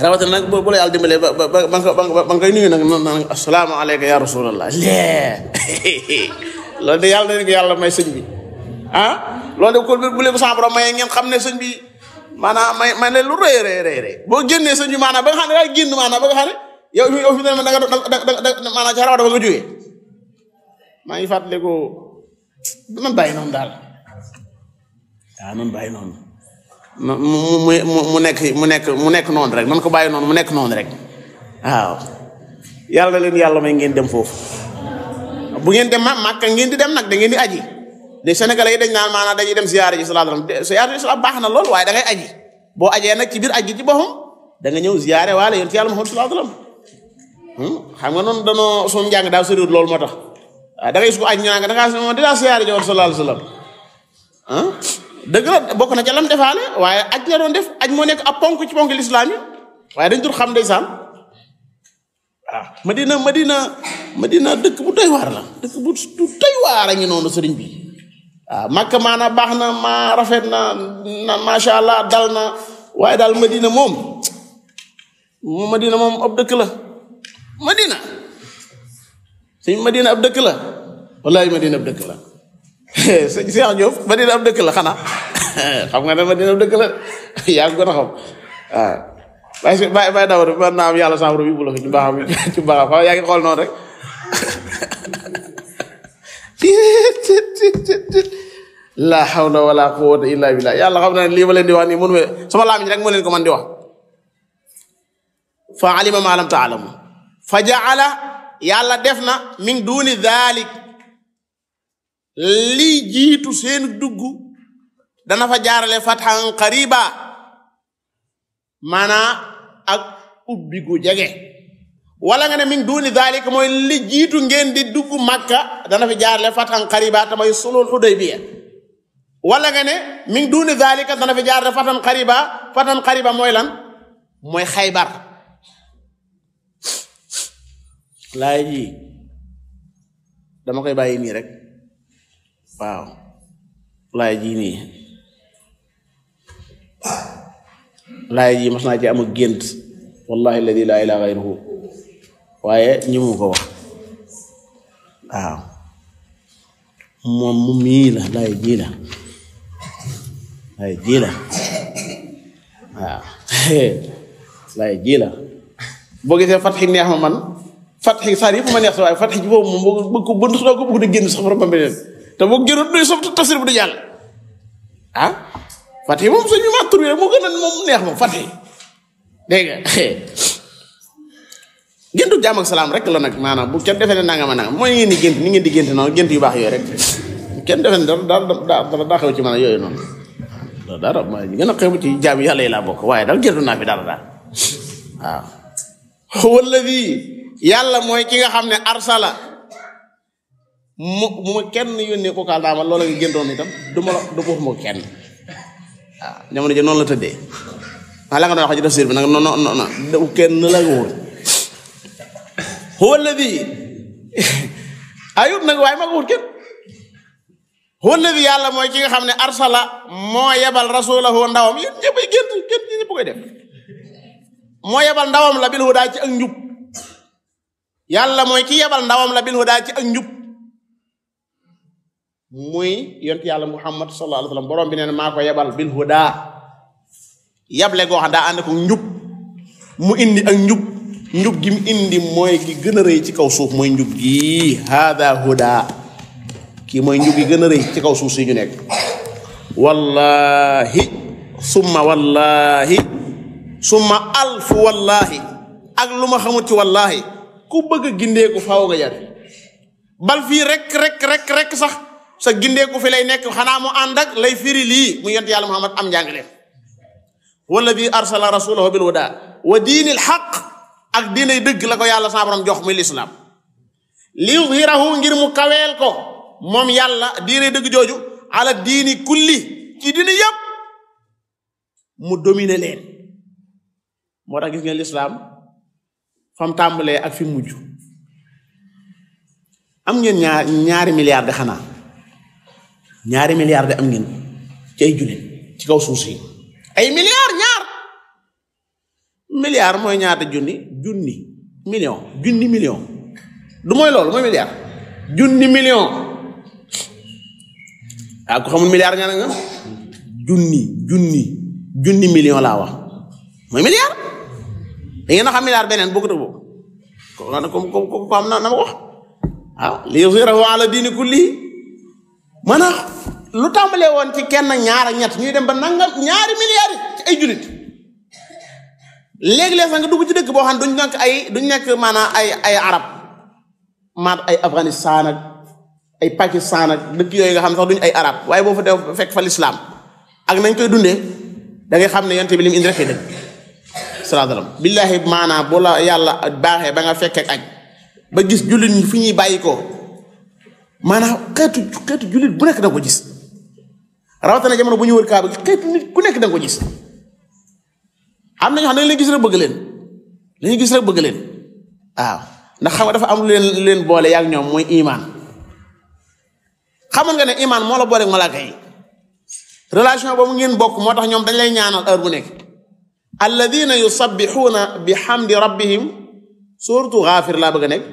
rawatina nag bu la yàlla dimbalee ba ba ba nga ba nga koy nuyu nag naan assalaamu aleyka yaa rasulallah lee loolu de yàlla na yàlla may sëñ bi ah loolu de ko bu leen ko sama borom ngeen xam ne sëñ bi maanaam may may ne lu rëy a boo génnee sëñ bi maanaam ba xam ne daal génn maanaam ba nga xam ne yow yow fi mu ne da nga da maanaam maa ngi fàttaliku dina bàyyi noonu daal waaw ah, noonu bàyyi noonu mu nekk mu nekk mu nekk noonu rek man ko bàyyi noonu mu nekk noonu rek waaw yàlla na leen yàlla may ngeen dem foofu bu ngeen dem màkk ngeen di dem nag da ngeen di aji. de sénégalais yi dañ naan maanaam dañuy dem ziyaare ji sallallahu alayhi wasallam ziyaare islam baax na lool waaye da ngay aji boo ajee nag ci biir aji ci boppam da ñëw ziyaare waale yonent yàlla Muhammad sallallahu hmm? xam nga noonu danoo suñu njàng daa soriwul loolu moo tax ah, da su ko aj ñu naan da ngaa moom dinaa ziyaare ji woon sallallahu alayhi bokk na ca lam defaale waaye aj la doon def aj moo nekk ab ponk ci ponk lislaam yi waaye dañ dul xam ndeysaan waaw ah, Madina Madina Madina dëkk bu doy waar la dëkk bu doy waar a ngi noonu sëriñ bi waaw ah, Makka maana baax na ma rafet na na macha allah dal na waaye daal Madina moom Madina moom ab dëkk la Madina suñ Madina ab dëkk la wallaay Madina ab dëkk la sëñ Cheikh Diop Madina ab dëkk la xanaa xam nga ne Madina ab dëkk la yaa ngi gën a xam waaw. Ah. waaye si yàlla sàmm bi bu la ko ci xool noonu rek. la hawla wala quwwata illa billah yàlla xam naa ne lii ma leen di wax nii mënu ma sama laamiñ rek moo leen ko man di fa alima ma taalamu fa jaala yàlla def na min duuni daalik lii jiitu seen dugg dana fa jaarale fathan qariba maanaa ak ubbi gu jege wala nga ne min duuni daalika mooy li jiitu ngeen di dugg Makka dana fi jaarale fatan xariba te mooy sulul Xudaybiya wala nga ne min duuni daalika dana fi jaar fatan xariba fatan xariba mooy lan mooy Xaybar laay yi dama koy bàyyi nii rek waaw laay nii laay ji mas naa ci am gént wallahi alladi laa ilaaha gayruhu waaye ñëwu ko wax moom mii la laay jii la laay jii la jii la boo gisee fatxi neex ma man fatxi saar yëpp ma neex sa waaye fatxi ji boobu moom boo bëgg ko bënd ko bëgg di génn sax borom ba beneen te boo génnoon duy sof tafsir bu du jàll ah fatxi moom suñu ma tur moo gën a neex moom fatxi dégg nga géntu jàmm ak salaam rek la nag maanaam bu kenn defee ne nangama nangam mooy ngeen di gént ni ngeen di gént noonu gént yu baax yooyu rek kenn defee ne dara dara daa xew ci maanaam yooyu noonu dara mooy ñu gën a xew ci jaam yàlla yi laa bokk waaye daal géntu naa fi dara daal waaw walladi yàlla mooy ki nga xam ne arsala mu mu kenn yónnee ko kaal daamal loola nga géntoon itam du ma la du ma kenn waaw jamono ji noonu la tëddee maa la nga doon wax ci tafsir bi nag non non non kenn la wóor huwa alladi ayut nag waaye ma ko yàlla mooy ki nga xam ne arsala moo yebal rasulahu ndawam yéen ñëpp koy def moo yebal ndawam la bil hudaa ci ak njub yàlla mooy ci yebal ndawam la bil hudaa ci ak njub muy yont yàlla muhammad sallallahu alayhi wa sallam borom bi neen maa ko yebal bil hudaa yeble goo daa ànd ko njub mu indi ak njub njub gi mu indi mooy gi gën a rëy ci kaw suuf mooy njub gii hada huda kii mooy njub gi gën a rëy ci kaw suuf si ñu nekk wallaahi summa wallaahi summa alfu wallaahi ak lu ma xamut ci wallaahi ku bëgg a gindeeku faaw nga jar bal fii rek rek rek rek sax sa gindeeku fi lay nekk xanaa mu ànd lay firi lii mu yent yàlla muhammad am njàngaleem wala bi arsala rasulahu bil huda wa diinil xaq ak diinay dëgg la ko yàlla saa borom jox muy lislaam li yuzhirahu ngir mu kaweel ko moom yàlla diinay dëgg jooju ala diini kulli ci diini yépp mu domine leen moo tax gis ngeen lislaam fam tàmbalee ak fi mujj am ngeen ñaar ñaari milliards de xanaa ñaari milliards am ngeen ci ay jullit ci kaw suuf si ay milliards milliard mooy ñaata junni junni million junni million du mooy loolu mooy milliard junni million ah ko xamul milliard nga ne nga junni junni million laa wax mooy milliard da ngeen a xam milliard beneen bokkut ak boobu ko xam na na ma ko wax waaw ah, li yuzhirahu ala diini kulli maanaam lu tàmbalee woon ci kenn ñaar ak ñett ñuy dem ba nangam ñaari milliards ay jullit. léegi-léeg sax nga dugg ci dëkk boo xam duñ nekk ay duñ nekk maanaam ay ay arab maat ay afghanistan ak ay pakistan ak dëkk yi nga xam sax duñ ay arab waaye boo fa def fekk fa lislaam ak nañ koy dunde da xam ne yonte bi li mu indi rek dëgg sallallahu alayhi wasallam maanaam boo la yàlla baaxee ba nga fekk ak añ ba gis jullit ñi fi ñuy bàyyi ko maanaam xeetu xeetu jullit bu nekk da nga ko gis rawatina jamono bu ñu wër kaaba xeetu nit ku nekk da ko gis am na ñoo xam ne dañ bëgg leen dañuy gis bëgg leen waaw ndax xam nga dafa am leen leen boole yaak ñoom mooy imaan xamoon nga ne imaan moo la boole ak malaaka yi relation boobu ngeen bokk moo tax ñoom dañ lay ñaan heure bu nekk alladina yusabbixuuna bi xamdi rabbihim surtout gaafir laa bëgg a nekk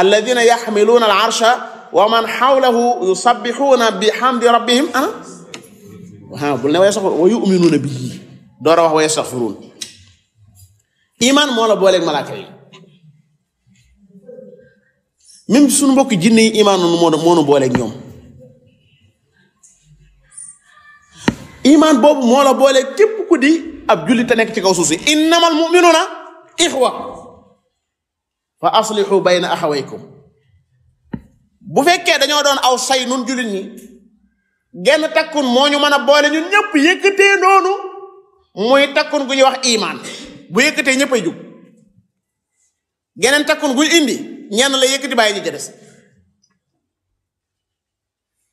alladina yaxmiluuna al arsha wa man xawlahu yusabbixuuna bi xamdi rabbihim ana waaw bul ne way sax wa yuminuuna bii door a wax wa yastaxfiruun iman moo la booleeg malaaka yi même suñu mbokk jinne yi iman moo nu booleeg ñoom iman boobu moola la booleeg képp ku di ab jullit a nekk ci kaw suuf si innamal mu'minuuna ixwa fa aslixu bayna axawaykum bu fekkee dañoo doon aw say nun jullit ñi genn takkun moo ñu mën a boole ñun ñëpp yëkkatee muy takkun gu ñuy wax imaan bu yëkkatee ñëppay jug geneen takkun gu ñu indi ñenn la yëkkati bàyyi ñu ca des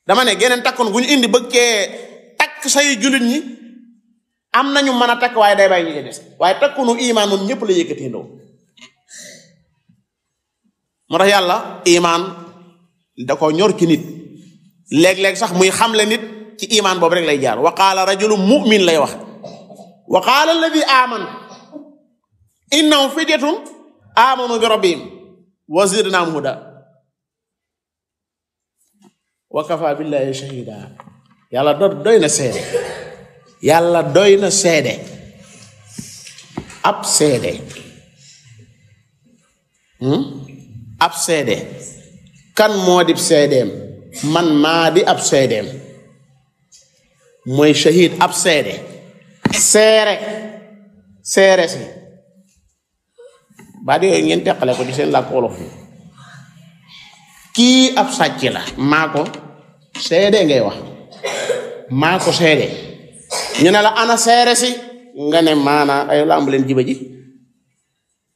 dama ne geneen takkun gu ñu indi bëgg cee takk say jullit ñi am nañu mën a takk waaye day bàyyi ñu des waaye takkunu imaan moom ñëpp la yëkkatee ndoo moo tax yàlla imaan da ko ñor ci léeg sax muy xamle nit ci imaan boobu rek lay jaar wa qaala rajulu mu'min lay wax wa qaala alladi aamanu innahum fityatun aamanu bi rabbihim wa zidnaahum huda wa kafa billahi shahida yàlla do doy na seede yàlla doy na seede ab seede hmm? ab seede kan moo di seedeem man maa ab seedeem mooy shahid ab seede seere seere si baat yooyu ngeen teqale ko di seen làkk wolof yi kii ab sàcc la maako ko seede ngay wax maa ko seede ñu ne la ana seere si nga ne maanaa ay lamb leen jiba ji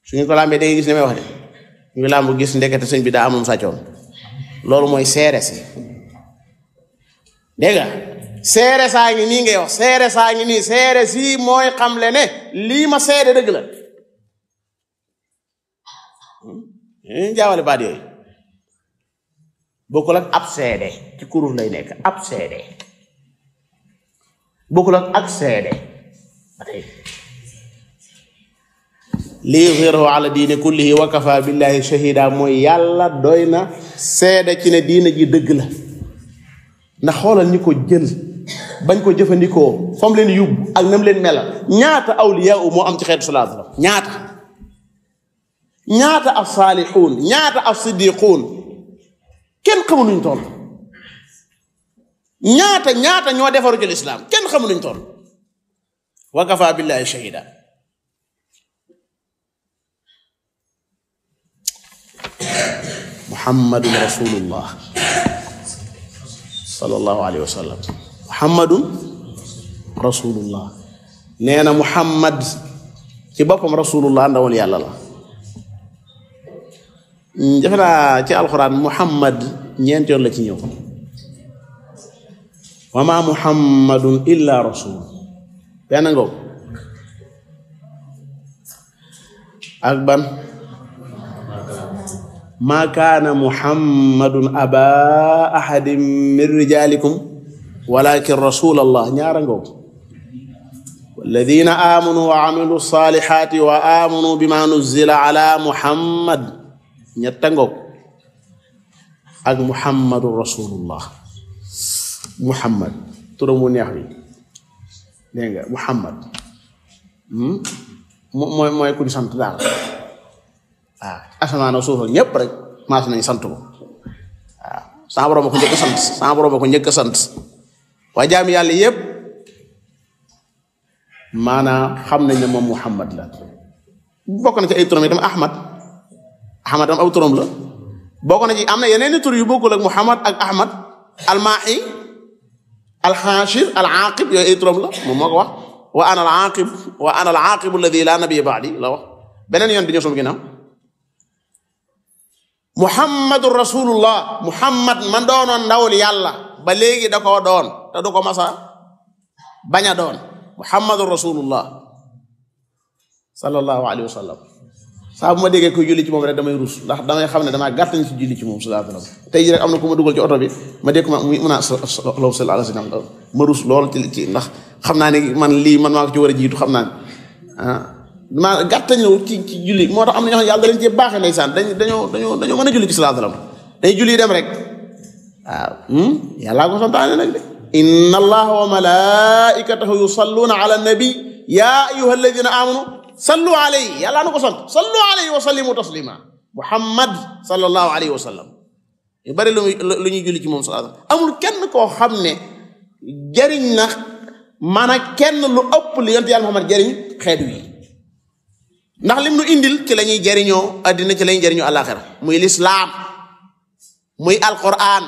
suñu ko lambee day gis ne may wax de ñu lamb gis ndekete sëñ bi daa amum sàccoon loolu mooy seere si dégg seere saa ngi nii ngay wax seere saa ngi nii seere sii mooy xamle ne lii ma seede dëgg la ñu hmm? hmm? ci kurus lay nekk ab ak ak lii yuzhirahu ala diine kullihi wa kafa billahi shahida mooy yàlla doy na seede ci ne diine ji dëgg la ndax xoolal ñi ko jël bañ ko jëfandikoo fam leen yóbbu ak nam leen melal ñaata awliyaa moo am ci xeetu salaatu la ñaata ñaata af saalixuun ñaata af siddiquun kenn xamu nuñ toll ñaata ñaata ñoo defaru ci lislaam kenn xamu nuñ toll wa kafaa billaahi shahida muhammadun rasulullah sallallahu alayhi wa sallam muhammadun rasulullah nee na muhammad ci boppam rasulullah ndawal yàlla la hmm, defe naa ci alxuraan muhammad ñeent yoon la ci ñëw wa ma muhammadun illa rasul benn ngoog ak ban ma kaana muhammadun aba ahadin min rijalikum walakin rasulallah ñaara ngow walladina amanu wa amilu salihati wa amanu bima nuzila ala muhammad ñetta ngow ak muhammadu rasulullah muhammad turamu neex bi dégg nga muhammad hmm? mooy mooy kuñ sant daal waaw ah, asamaan suuf ak ñépp rek maas nañ sant ko waaw ah, sama borom ko njëkk sant sama borom ko njëkk sant waa jaam yàlla yépp maanaam xam nañ ne moom Muhammad la bokk na ci ay turam yi tam Ahmad Ahmad tam aw turam la bokk na ci am na yeneen tur yu bokkul ak Muhammad ak Ahmad almaahi alxaashir alaaqib yooyu ay la moom moo wax wa ana alaaqib wa ana alaaqib alladi laa nabiyya ba'di beneen yoon bi ñëw sama ginnaaw Muhammadu rasulullah Muhammad man doonoon ndawul yàlla ba léegi da koo doon te du ko masa bañ a doon muhammadu rasulullah sallallahu alayhi wa sallam saa bu ma déggee koy julli ci moom rek damay ruus ndax damay xam ne damaa gàttañ ci julli ci moom sallallahu alayhi wa sallam tey jii rek am na ku ma dugal ci oto bi ma dégg ma muy mun a loolu ma ruus lool ci ci ndax xam naa ne man lii man maa ko ci war a xam naa ne ah. maa gàttañ la ci ci julli moo tax am na ñoo xam ne yàlla da leen ci baaxee ndeysaan dañ dañoo dañoo dañoo mën a julli ci sallallahu alayhi wa sallam dañuy julli dem rek waaw hmm? yàllaa ko santaane nag de inna allaha wa malaikatahu yusalluuna ala nabi yaa ayuha alladina amanu sallu alayhi yàllaa na ko sant sallu alayhi wa sallimu taslima lu ñuy julli ci moom sallallahu amul kenn koo xam ne jariñ na maanaam kenn lu ëpp li yonent yàlla muhammad jariñ xeetu yi ndax lim nu indil ci la ñuy jariñoo àddina ci la ñuy jariñoo àllaaxira muy lislaam muy alquran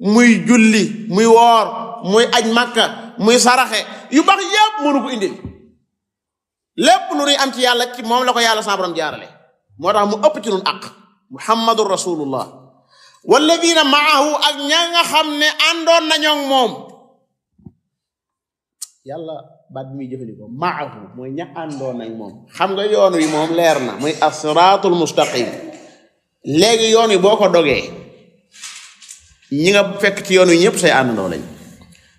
muy julli muy woor muy aj màkka muy saraxe yu baax yépp mënu ko indil lépp lu nuy am ci yàlla ci moom la ko yàlla sa borom jaarale moo tax mu ëpp ci nun àq muhammadu rasulullah walladina maahu ak ña nga xam ne àndoon nañoo moom yàlla baat bi muy jëfandikoo maahu mooy ña àndoon nañ moom xam nga yoon wi moom leer na muy asiraatul mustaqim léegi yoon wi boo ko dogee ñi nga fekk ci yoon wi ñëpp say àndandoo lañ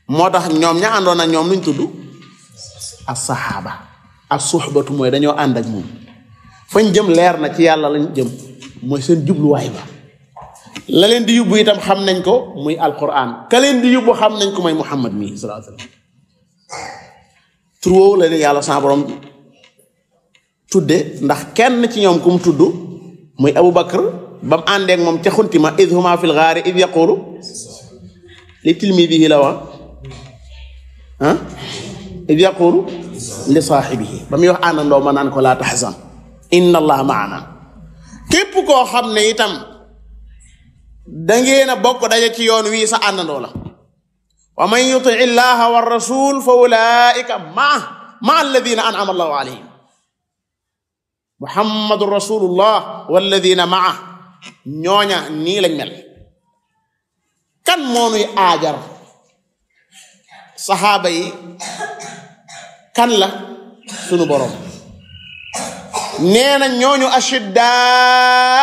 moo tax ñoom ña àndoon ak ñoom nuñ tudd as saxaaba as suxbatu mooy dañoo ànd ak moom fañ jëm leer na ci yàlla lañ jëm mooy seen jubluwaay ba la leen di yubbu itam xam nañ ko muy alquran ka leen di yóbbu xam nañ ko mooy muhammad mi sallallahu la leen yàlla sa tudde ndax kenn ci ñoom ku mu tudd muy Abu Bakr ba mu àndeek moom ca xunti ma id huma fil gaari id yaqulu li tilmidihi la wax ah id yaqulu li saaxibihi ba muy wax àndandoo ma naan ko laa taxzan inna allaha maana képp koo xam ne itam dangeen a bokk daje ci yoon wii sa àndandoo la wa man yuti illaha wa rasul fa ulaika maa maa alladina anama allahu alayhim muhammadun rasulullah walladina maa ñooña nii lañ mel kan moonuy aajar saxaaba yi kan la sunu borom neena na ñooñu ashiddaa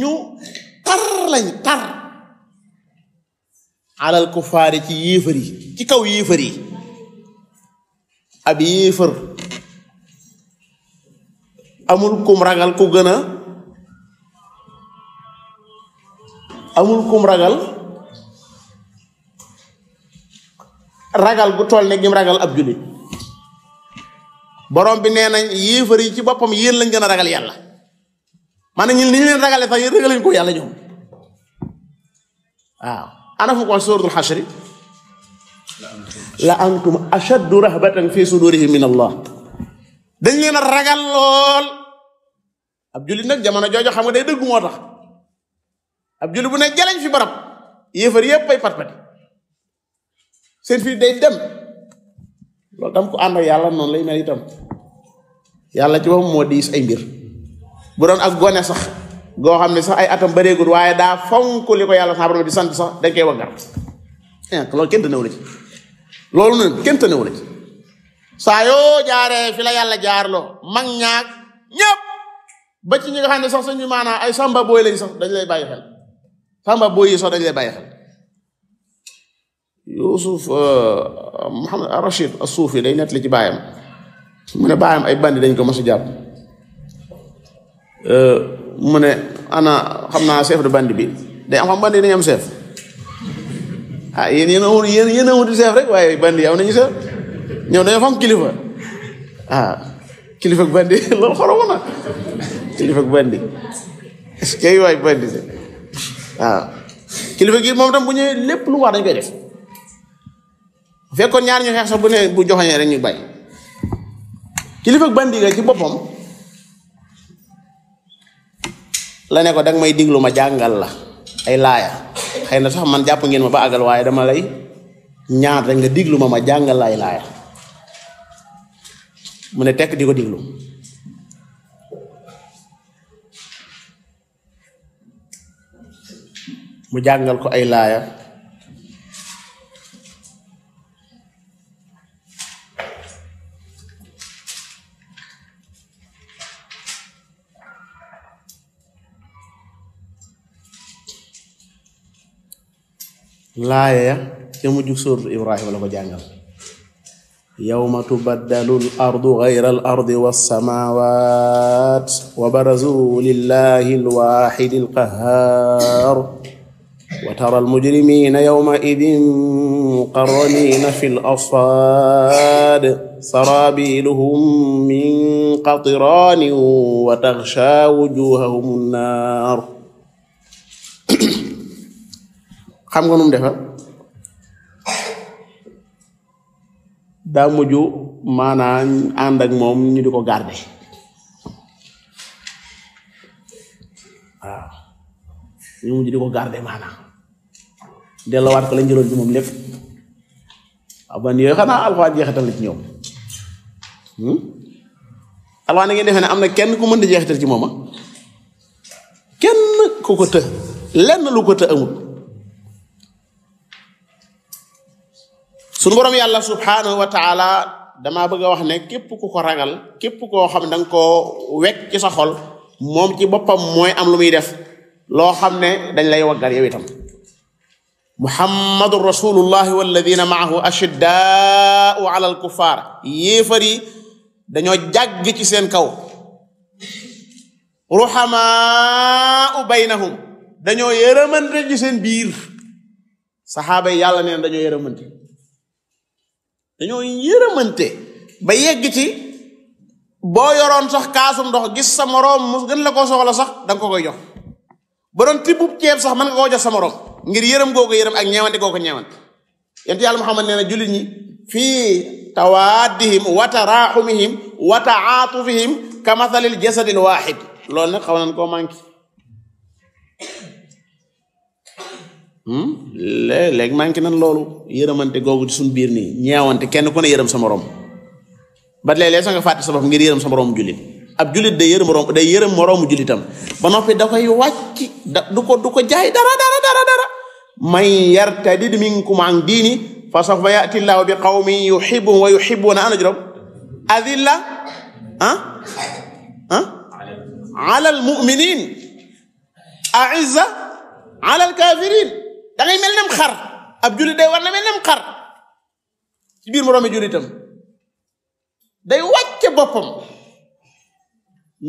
ñu tar lañ tar alal kufaari ci yéefar ci kaw yéefar yi ab yéefar amul kum ragal ku gën a amul kum ragal ragal gu toll ne gim ragal ab jullit borom bi nee nañ yéefar ci boppam yéen lañ gën a ragal yàlla maanaam ñun ni ñu leen ragalee sax yéen ragaleen ko yàlla ñoom waaw ana fu ko suratul xashri la antum ashaddu rahbatan fi sudurihim min allah dañ leen ragal lool ab jullit nag jamono joojo xam nga day dëggu moo tax ab jullit bu ne jaleñ fi barab yéefar yépp ay pat-pati seen fii day dem loolu tam ku ànd ak yàlla noonu lay mel itam yàlla ci boppam moo diis ay mbir bu doon ak gone sax goo xam ne sax ay atam bareegul waaye daa fonk li ko yàlla sabram di sant sax dañ koy waggar eh, loolu kenn tënewu la ci loolu noonu kenn tënewu saa yoo jaaree fi la yàlla mag ñaag ñëpp bët ci ñi nga xam ne sax sëñ bi ay samba booy lañ sax dañ lay bàyyi xel samba booy yi sax dañ lay bàyyi xel euh, ci baayam mu ne baayam ay bandi dañ ko mas a euh, mu ne ana xam naa chef de bandi bi day am xam bandi ah, yéen yéen a wut yéen a wuti rek waaye bandi yow nañu chef ñoom dañoo fam kilifa ah kilifa ak bandi loolu xoromu kilifa bandi est-ce que waay bandi de waaw ah. kilifa gi moom tam bu ñëwee lépp lu war dañ koy def bu fekkoon ñaar ñu xeex sax bu ne bu joxoñee rek ñu bàyyi kilifa bandi ga ci boppam la ne ko danga may diglu ma jàngal la ay laaya xëy na sax man jàpp ngeen ma ba àggal waaye dama lay ñaar rek nga diglu ma ma jàngal la ay laaya mu ne tekk di diglu mu jàngal ko ay laaya laaya ya ca mujj suuratu Ibrahima ko jàngal yawma tubaddalu l ardu gayra al ardi wa barazu lillahi l waxidi wa taral mujrimiina yawma idin muqarraniina fil asfaad saraabiiluhum min qatiraanin wa taxshaa wujuuhahumun naar xam nga nu mu defa daa mujj maanaam ànd ak moom ñu di ko garde waaw ñu mujj di ko garde maanaam delluwaat ko lañ jëloon ci moom lépp aban yooyu xanaa alxuraan jeexital la ci ñoom hmm? alxuraan da ngeen defee ne am na kenn ku mën di jeexital ci mooma ah kenn ku ko të lenn lu ko të amul suñu borom yàlla subhanahu wa taala damaa bëgg a wax ne képp ku ko ragal képp koo xam ne da koo wekk ci sa xol moom ci boppam mooy am lu muy def loo xam ne dañ lay waggal yow itam muhammadu rasulullahi walladina maahu ashiddaau ala alkuffar yéefar yi dañoo jàgg ci seen kaw ruhamaau baynahum dañoo yërëmante seen biir saxaaba yi yàlla neen dañoo yërëmante dañoo yërëmante ba yegg ci boo yoroon sax kaasu ndox gis sa moroom gën la koo soxla sax da nga ko koy jox ba doon ceeb sax mën nga koo jox sa moroom ngir yërëm googu yërëm ak ñeewante googu ñeewante yonent yàlla Muhammad nee na jullit ñi fii tawaadihim wa taraaxumihim wa taatufihim ka mathalil jasadin waaxid loolu nag xaw nañ koo manqué hmm? léeg-léeg nan loolu yërëmante googu ci suñ biir nii ñeewante kenn ku ne yërëm sa moroom ba léeg-léeg sa nga ngir yërëm sa moromu jullit ab jullit day yërëm moroom day ba noppi da koy wàcc da du ko jaay dara dara dara man yartadid minkum an diini fa sawfa yati llahu bi qawmin yuhibbuhum wa yuhibbuuna an ajrahum adilla ah ah ala almuminin aizza ala alkafirin da ngay mel nem xar ab julit day war na mel nem xar ci biir moroomi julitam day wàcce boppam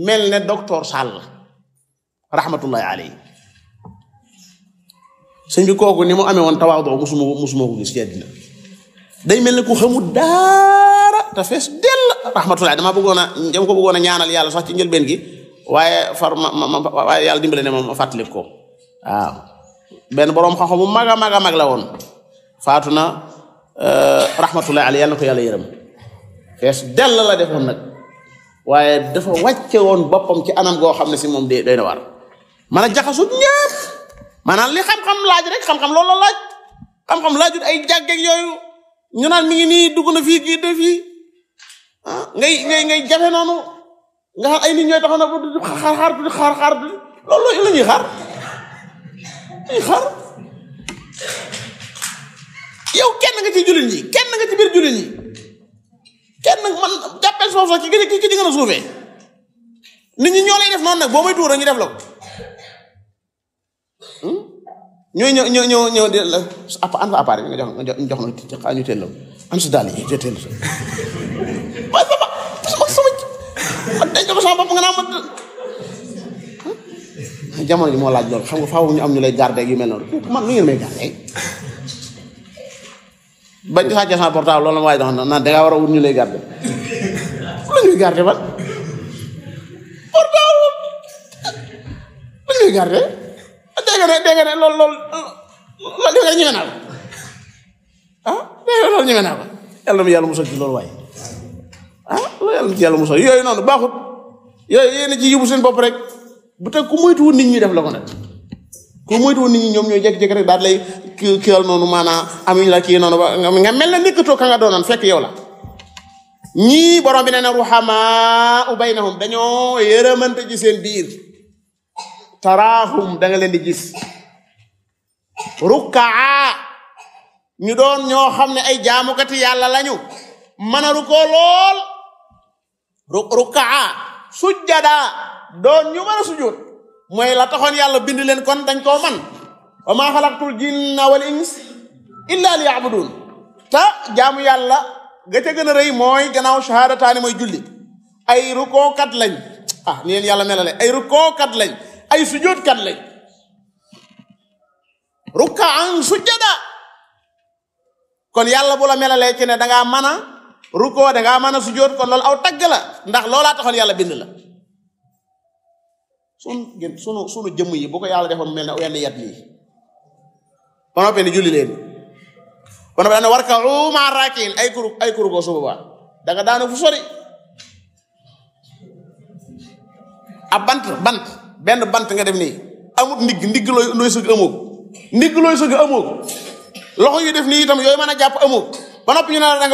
mel ne docteur Sall rahmatullahi alayhi sëñ bi kooku ni mu amee woon tawaadoo musuma musuma ko gis ci àddina day mel ni ku xamul daara te fees dell rahmatullahi dama bëggoon a dama ko bëggoon a ñaanal yàlla sax ci njëlbeen gi waaye far ma ma waaye yàlla ne ma ma fàttali ko waaw benn boroom xam-xam a mag la woon faatu na euh, rahmatullahi yàlla ko yàlla yërëm fees dell la defoon nag waaye dafa wàcce woon boppam ci anam goo xam ne si moom day na war man a jaxasut ñëpp maanaam li xam-xam laaj rek xam-xam loolu la laaj xam-xam laajut ay jàggeeg yooyu ñu naan mi ngi nii dugg na fii kii de fii ah ngay ngay ngay jafe noonu nga na ba du xaar loolu la ñuy xaar ñuy xaar yow kenn nga ci jullit ci biir jullit kenn man jàppee si foofu sax ci gën a suufee nit ñi ñoo lay def noonu nag boo may rek ñu def la ñooy ñoo ñoo ñoo ñoo de la jox nga jox am si daal yi teel la waaye papa sama sama man nga naa ma ah, jamono moo laaj loolu xam nga faaw am ñu lay garder yu mel noonu man lu war a wut ñu lay garder lu ñuy garder ban portable lu ñuy dégg nga ne lool nga ne loolu loolu naa ko ah dégg nga loolu ñëwee ko yàlla na yàlla musal ci loolu waaye ah loolu yàlla ci yàlla musal yooyu noonu baaxut seen bopp rek bu teg ku moytuwul nit ñi def la ko nag ku ñoom ñooy jékki-jékki rek daal lay kii kiiwal noonu maanaam amuñ la kii noonu ba nga mel ne nekkatoo ka nga doonoon fekk yow la. ñii borom bi nee na ruhamaa u baynahum dañoo yërëmante ci seen biir. taraahum danga nga leen di gis rukkaa ñu doon ñoo xam ne ay jaamukati yàlla lañu mën a rukoo lool rukkaa sujjada doon ñu mën a mooy la taxoon yàlla bind leen kon dañ koo man wa maa xalaqtul jinna wal ins illa li yabudun jaamu yàlla ga ca gën a rëy mooy gannaaw shahadataani mooy julli ay rukookat lañ ah ni leen yàlla melale ay rukookat lañ ay sujjóotkat lañ rukkaan sujjada kon yàlla bu la melalee ci ne dangaa mën a rukkoo dangaa mën a kon loolu aw tagg ndax loolaa taxoon yàlla bind la sun sunu sunu jëmm yi bu ko yàlla defoon mel ne wenn yat nii war ka ma raakiin ay kuru ay kuru ko su boobaa fu sori ab bant bant benn bant nga def nii amut ndigg ndigg looy looy sëgg amoo looy sëgg amoo ko loxo yu def nii yooyu mën a jàpp amoo ba noppi ñu ne la dañ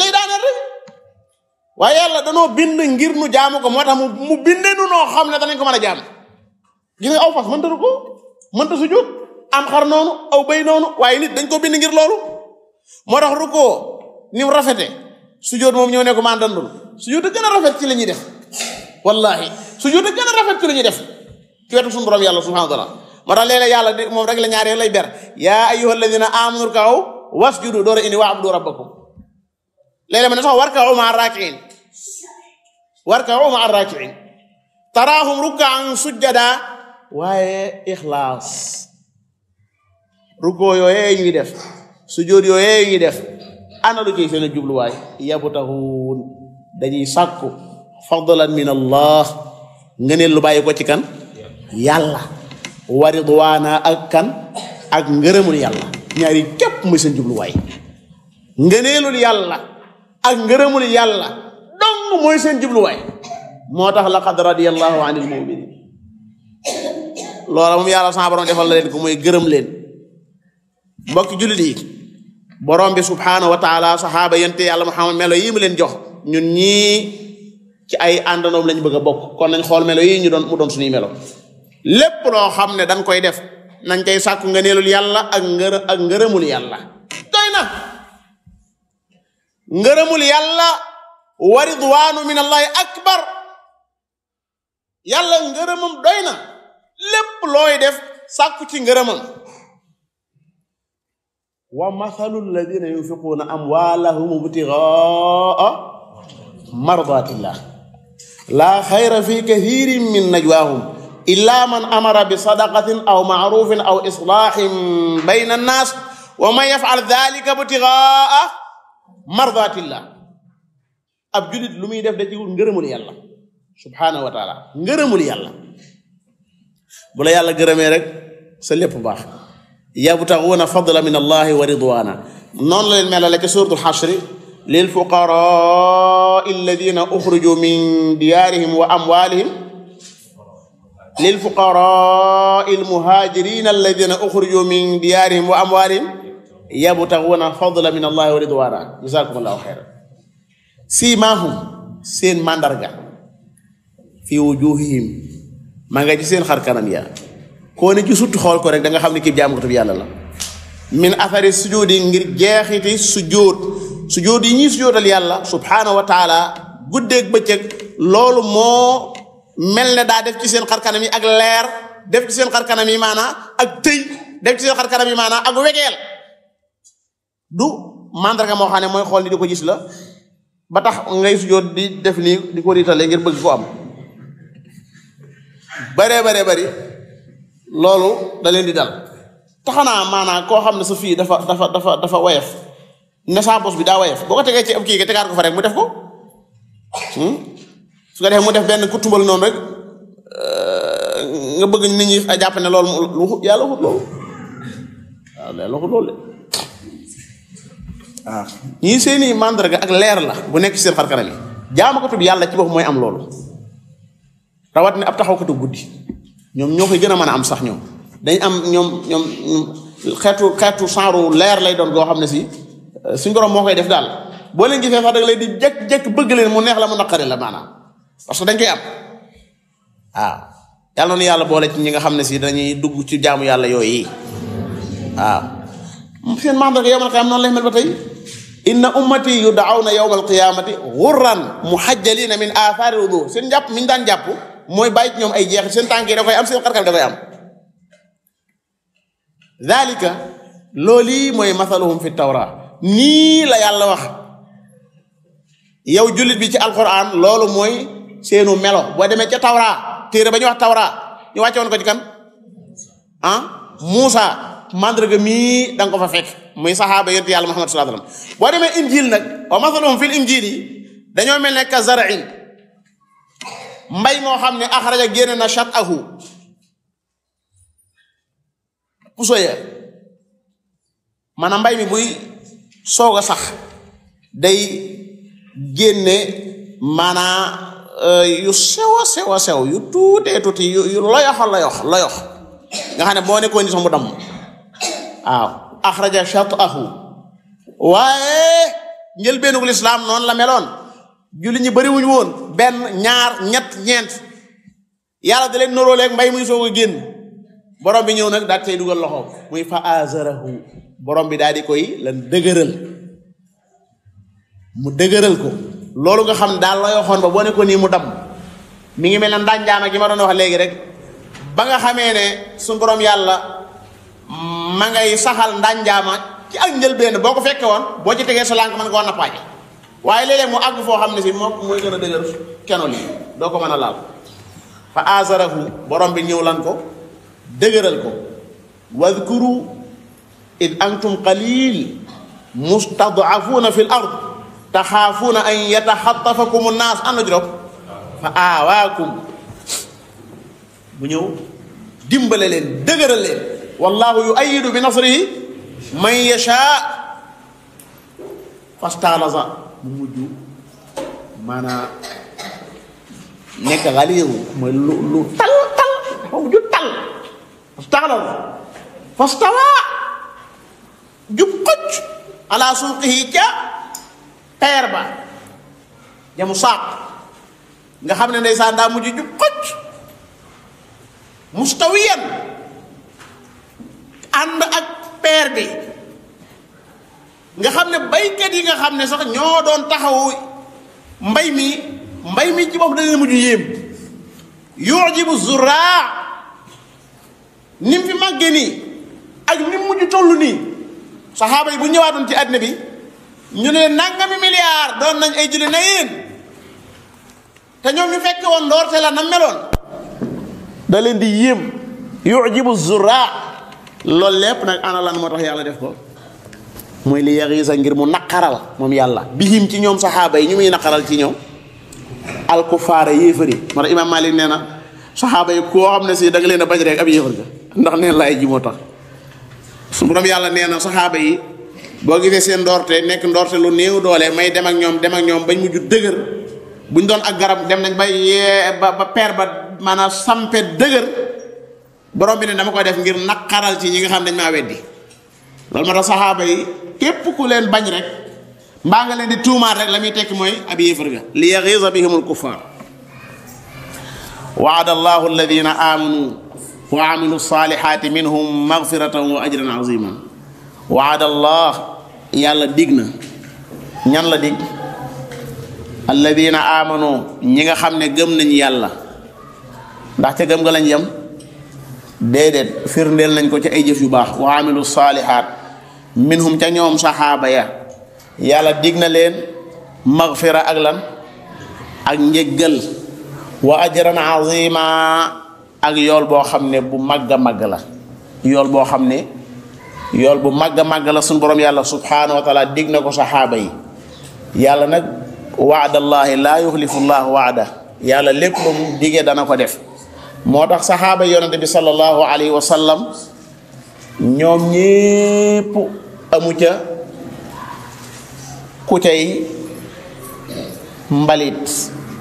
lay daaneel rek yàlla danoo bind ngir nu jaamu ko moo tax mu bindee nu xam ne danañ ko mën a jaam gis nga aw fas mënta rukkoo mënta sujjóot am xar noonu aw béy noonu waaye nit dañ ko bind ngir loolu moo tax rukkoo ni mu rafete sujjóot moom ñëw ne ko maa dandul sujjóot a gën a rafet ci la ñuy def wallahi sujjóot gën a rafet ci la ñuy def ci wetu suñu borom yàlla subhanahu wa taala moo tax léeg yàlla di moom rek la ñaar lay ber yaa ayyuha alladina amanu kaw wasjudu doora indi waabudu rabbakum léeg-léeg ma ne sax war kaw ma raakiin war taraahum rukkaan sujjada waaye ixlaas rukkoo yooyee ñuy def sujjóot yooyee ñuy def ana lu ciy seen jubluwaay yabtaxuun dañuy sàkku fadlan min allah ngëneel lu bàyyi ko ci kan yàlla waridwaana ak kan ak ngërëmul yàlla ñaari képp muy seen jubluwaay ngëneelul yàlla ak ngërëmul yàlla dong mooy seen jubluwaay moo tax laqad radiyallahu anil muminin loola moom yàlla sama borom la leen ko mooy gërëm leen mbokki jullit yi borom bi subhaanahu wa taala saxaaba yente yàlla muhammad melo yi mu leen jox ñun ñii ci ay àndandoom lañ bëgg a bokk kon nañ xool melo yi ñu doon mu doon suñuy melo lépp loo xam ne dañ koy def nañ koy sàkku nga neelul a ak ngër ak ngërëmul yàlla doy na ngërëmul yàlla wa ridwaanu min allahi akbar yàlla ngërëmam doy na lépp looy def sàkku ci ngërëmam wa mathalu alladina yunfiquuna amwaalahum ibtigaa mardatillah laa xayra fi kathirin min najwaahum illa man amara bi sadaqatin aw maarufin aw islaahin bayna annaas wa man yafal dalika btigaa mardatillah ab julit lu muy def da ci wut ngërëmul yàlla subhaanahu wa taala ngërëmul yàlla bu la yàlla gërëmee rek sa lépp baax yabtaxuuna fadla min allahi wa ridwaana noonu la leen melale ca suuratul xasri للفقراء الذين أخرجوا من ديارهم وأموالهم للفقراء المهاجرين الذين أخرجوا من ديارهم وأموالهم يبتغون فضلا من الله ورضوانا جزاكم الله خيرا سيماهم سين ماندرغا في وجوههم ما nga ci seen xar kanam ya ko ne ci sut xool ko rek da nga xam ne kii jaamu ko yàlla la min afari sujudi ngir jeexiti sujud sujjóot yi ñuy sujjóotal yàlla subhaanahu wa taala guddeeg bëccëg loolu moo mel ne daa def ci seen xarkanam yi ak leer def ci seen xarkanam yi maanaa ak tëy def ci seen xarkanam yi maanaa ak wegeel du mandarga moo xam mooy xool ni di ko gis la ba tax ngay sujjóot di def nii di ko riitale ngir bëgg ko am baree baree bari loolu da leen di dal taxanaa maanaa koo xam ne sa fii dafa dafa dafa dafa woyof nasaambos bi daa woyof boo ko tegee ci ab kii nga tegaat ko fa rek mu def ko hmm? su ko defee mu def benn ku tumbal noonu rek euh, nga bëgg nit jàpp ne loolu lu yàlla waxut loolu waaw yàlla waxut loolu de waaw ah. ñii seeni màndarga ak leer la bu nekk ci seen xarkanam yi jaamakatub yàlla ci bopp mooy am loolu rawat ne ab taxawkatu guddi ñoom ñoo koy gën a mën a am sax ñoom dañ am ñoom ñoom xeetu xeetu saaru leer lay doon goo xam ne si suñ borom moo koy def daal boo leen gisee sax da nga leen di jëkk jékki bëgg leen mu neex la a naqari la maanaam parce que dañ koy am yàlla boole ci ñi nga xam ne si dañuy dugg ci jaamu yàlla yooyu waaw seen mandarga yowmal qiyaama noonu lay mel ba tey inna ummati yud'awna yawmal qiyaamati ghurran muhajjalina min athari wudu seen njàpp mi ñu daan jàpp mooy bàyyi ci ñoom ay jeex seen tànk yi da koy am seen xarkal da koy am dalika loolu mooy masaluhum fi tawra nii la yàlla wax yow jullit bi ci alquran loolu mooy seenu melo boo demee ca tawra téere ba ñu wax tawra ñu wàcce woon ko ci kan ah Muusa mandarga mii da nga ko fekk muy saxaaba yonent yàlla Muhammad sallallahu boo demee nag wa masaluhum fil injil yi dañoo mel ne ka zar'in mbay moo xam ne axraja génne na shat'ahu puso ya maanaam mbay mi buy soog a sax day génne maanaa euh, yu sew a sew yu tuutee tuuti yu yu loyox a loyox nga xam ne boo nekkoon ni sax mu damm waaw axraja shatahu waaye njëlbeenug lislaam noonu la meloon julli ñi bariwuñ woon benn ñaar ñett ñeent yàlla da leen noroo leeg mbay muy soog a génn borom bi ñëw nag daal tey dugal loxo muy fa azarahu borom bi daal di koy lan dëgëral mu dëgëral ko loolu nga xam daal la waxoon ba boo ne ko nii mu dab mi ngi mel ne ndànjaama gi ma doon wax léegi rek ba nga xamee ne su borom yàlla ma ngay saxal ndànjaama ci ak njëlbeen boo ko fekke woon boo ci tegee sa lànk wax na nappaaje waaye léeg-léeg mu àgg foo xam ne si moom mooy gën a dëgër keno lii doo ko mën a laal fa azarahu borom bi ñëw lan ko dëgëral ko wadkuru id antum qalil mustadaafuna fi l ard taxaafuuna an yataxatafakum annaas am na juróom fa aawaakum mu ñëw dimbale leen dëgëral leen wallahu yu ayidu bi nasrihi man yashaa fastaalaza mu mujj maanaa nekk xaliiru mooy lu lu tal tal mu mujj tal fastaalaza fastawaa jub xëcc ala suuqihi ca peer ba jamu saaq nga xam ne ndeysaan daa mujj jub xëcc mustawiyan ànd ak peer bi nga xam ne bay baykat yi nga xam ne sax ñoo doon taxawu mbay mi mbay mi ci bopp dana mujj yéem yujibu zuraa ni mu fi màggee nii ak ni mujj toll nii saxaaba yi bu ñëwaatoon ci àddina bi ñu ne nangami milliard doon nañ ay julli na yéen te ñoom ñu fekk woon ndoorte la na meloon da leen di yéem yujibu zurra lool lépp nag ana lan moo tax yàlla def ko mooy li sax ngir mu naqaral moom yàlla bihim ci ñoom saxaaba yi ñu muy naqaral ci ñoom alkufaara yéefari moo tax imaam Malik nee na saxaaba yi koo xam ne si da leen a bañ rek ab yéefar ga ndax neen ay ji moo tax su borom yàlla nee na saxaaba yi boo gisee seen ndoorte nekk ndoorte lu néew doole may dem ak ñoom dem ak ñoom bañ mujj dëgër buñ doon ak garab dem nañ ba yee ba ba peer ba maanaam sampe dëgër borom bi ne dama koy def ngir naqaral ci ñi nga xam dañ maa weddi loolu moo tax saxaaba yi képp ku leen bañ rek mbaa nga leen di tuumaat rek la muy tekki mooy ab yéefar ga li bi bihimul kuffaar waada allahu alladina amanu wa amilu saalihaati minhum magfiratan wa ajran aziman waada allah yàlla dig na ñan la dig alladina amano ñi nga xam ne gëm nañ yàlla ndax ca gëm nga lañ yem déedéet firndeel nañ ko ci ay jëf yu baax wa amilu saalihaat minhum ca ñoom saxaaba ya yàlla dig na leen magfira ak lan ak wa ajran azima ak yool boo xam ne bu màgg a màgg la yool boo xam ne yool bu màgg a màgg la suñu borom yàlla subhanahu wa taala dig na ko saxaaba yi yàlla nag waadallaahi laa yuxlifu waada yàlla lépp ba dana ko def moo tax saxaaba yonente bi sallallahu alayhi wa sallam ñoom ñépp amu ca ku cay mbalit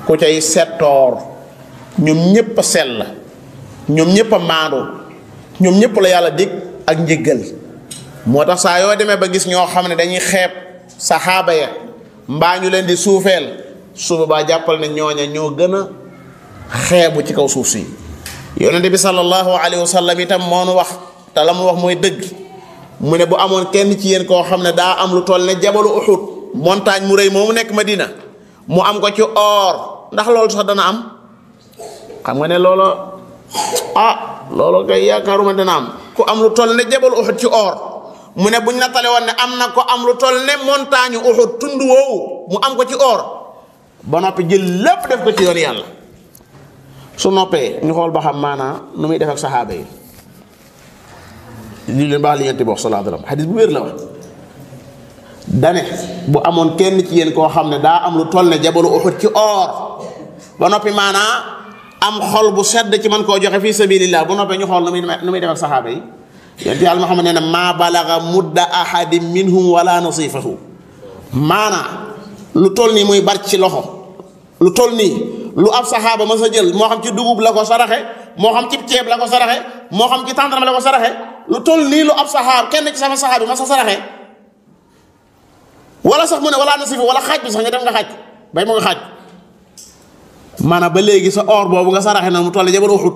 ku cay settoor ñoom ñépp la ñoom ñëpp a maandoo ñoom ñëpp la yàlla dikk ak njëggal moo tax saa yoo demee ba gis ñoo xam ne dañuy xeeb saxaaba ya mbaa ñu leen di suufeel su boobaa jàppal ne ñooña ñoo gën a xeebu ci kaw suuf si yonent bi sallallahu alayhi wa sallam itam moo nu wax te la mu wax mooy dëgg mu ne bu amoon kenn ci yéen koo xam ne daa am lu toll ne jabalu uxud montagne mu rëy moomu nekk ma Madina mu am ko ci or ndax loolu sax dana am xam nga ne loola ah loolu kay yaakaaruma dana am ku am lu toll ne jabal uxut ci or mu ne buñ nattale woon ne am na ko am lu toll ne montagne uxut tund woowu mu am ko ci or ba noppi jël lépp def ko ci yoon yàlla su noppee ñu xool ba xam maanaa nu muy def saxaaba yi li leen baax li yonent bi wax sallallahu bu wér la wax dane bu amoon kenn ci yéen koo xam ne daa am lu toll ne jabalu uxut ci or ba noppi maanaa am xol bu sedd ci man koo joxe fii sabilillah bu noppee ñu xool nu muy nu muy defal saxaaba yi yonent yàlla Muhammad nee na maa balaga mudda ahadin minhum wala nasifahu maana lu toll nii muy bar ci loxo lu toll nii lu ab saxaaba ma sa jël moo xam ci dugub la ko saraxe moo xam ci ceeb la ko saraxe moo xam ci tàndarma la ko lu toll nii lu ab saxaab kenn ci sama saxaaba ma sa saraxe wala mu ne wala nasifa wala xaaj bi sax nga def nga xaaj bay mu nga xaaj maanaam ba léegi sa or boobu nga saraxe na mu toll jabar waxut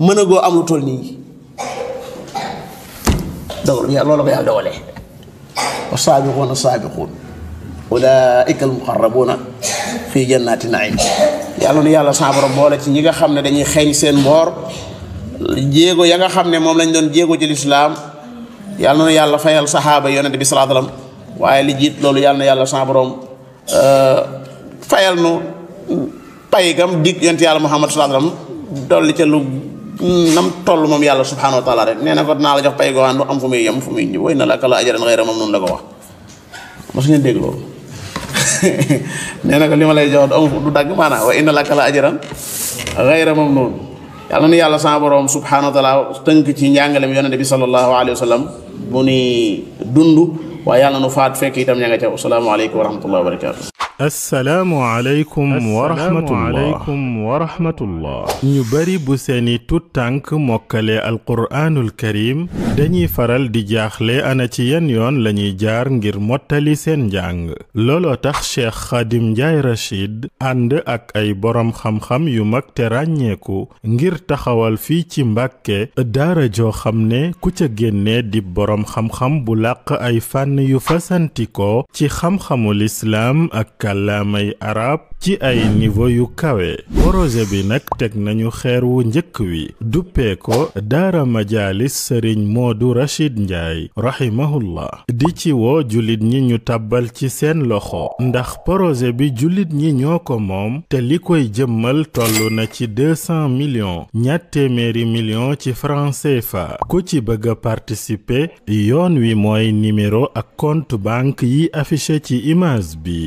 mën a goo am lu toll nii dawr ya loolu ko yàlla dogalee wasaabiquuna saabiquun ulaaika almuqarrabuuna fii jannaati yàlla nu boole ci ñi nga xam ne dañuy xeeñ seen mboor jéego ya nga xam ne moom lañ doon jéego ci lislaam yàlla na yàlla fayal saxaaba yonent bi sallallahu alayhi wasallam waaye li loolu yàlla na yàlla sa euh, fayal nu pay gam dig yonent yàlla Muhammad sallallahu alayhi wasallam dolli ca lu nam moom yàlla subhanahu wa taala rek nee na ko naa la jox pay goxaan du am fu muy yem fu muy na ko wax mos li ma lay jox du am du dagg maanaam way na la kala ajaran xayra noonu yàlla na yàlla sama borom subhanahu wa taala tënk ci njàngalem yonente bi sallallahu alayhi wa sallam bu ni dund waaye yàlla nu faat fekk itam ña nga ca asalaamaaleykum wa rahmatullahi wa barakatu asalaamualeykum wa rahmatulaaleykum ñu bari bu seeni tut tànk mokkale alquraanul karim dañuy faral di jaaxle ana ci yan yoon lañuy jaar ngir mottali seen njàng looloo tax cheikh xadim njaay rachid ànd ak ay boroom xam-xam yu mag te ràññeeku ngir taxawal fii ci mbàkke daara joo xam ne ku ca génnee di boroom xam-xam bu làq ay fànn yu fasantikoo ci xam-xamul islaam ak kàllaamay arab ci ay niveau yu kawe projet bi nag teg nañu xeer wu njëkk wi duppee ko daara majaalis sëriñ moodu rachid njaay rahimahullah di ci woo jullit ñi ñu tàbbal ci seen loxo ndax projet bi jullit ñi ñoo ko moom te li koy jëmmal toll na ci 200 millions ñatt téeméeri millions ci francs fa ku ci bëgg a participer yoon wi mooy numéro ak compte banque yi affiché ci image bi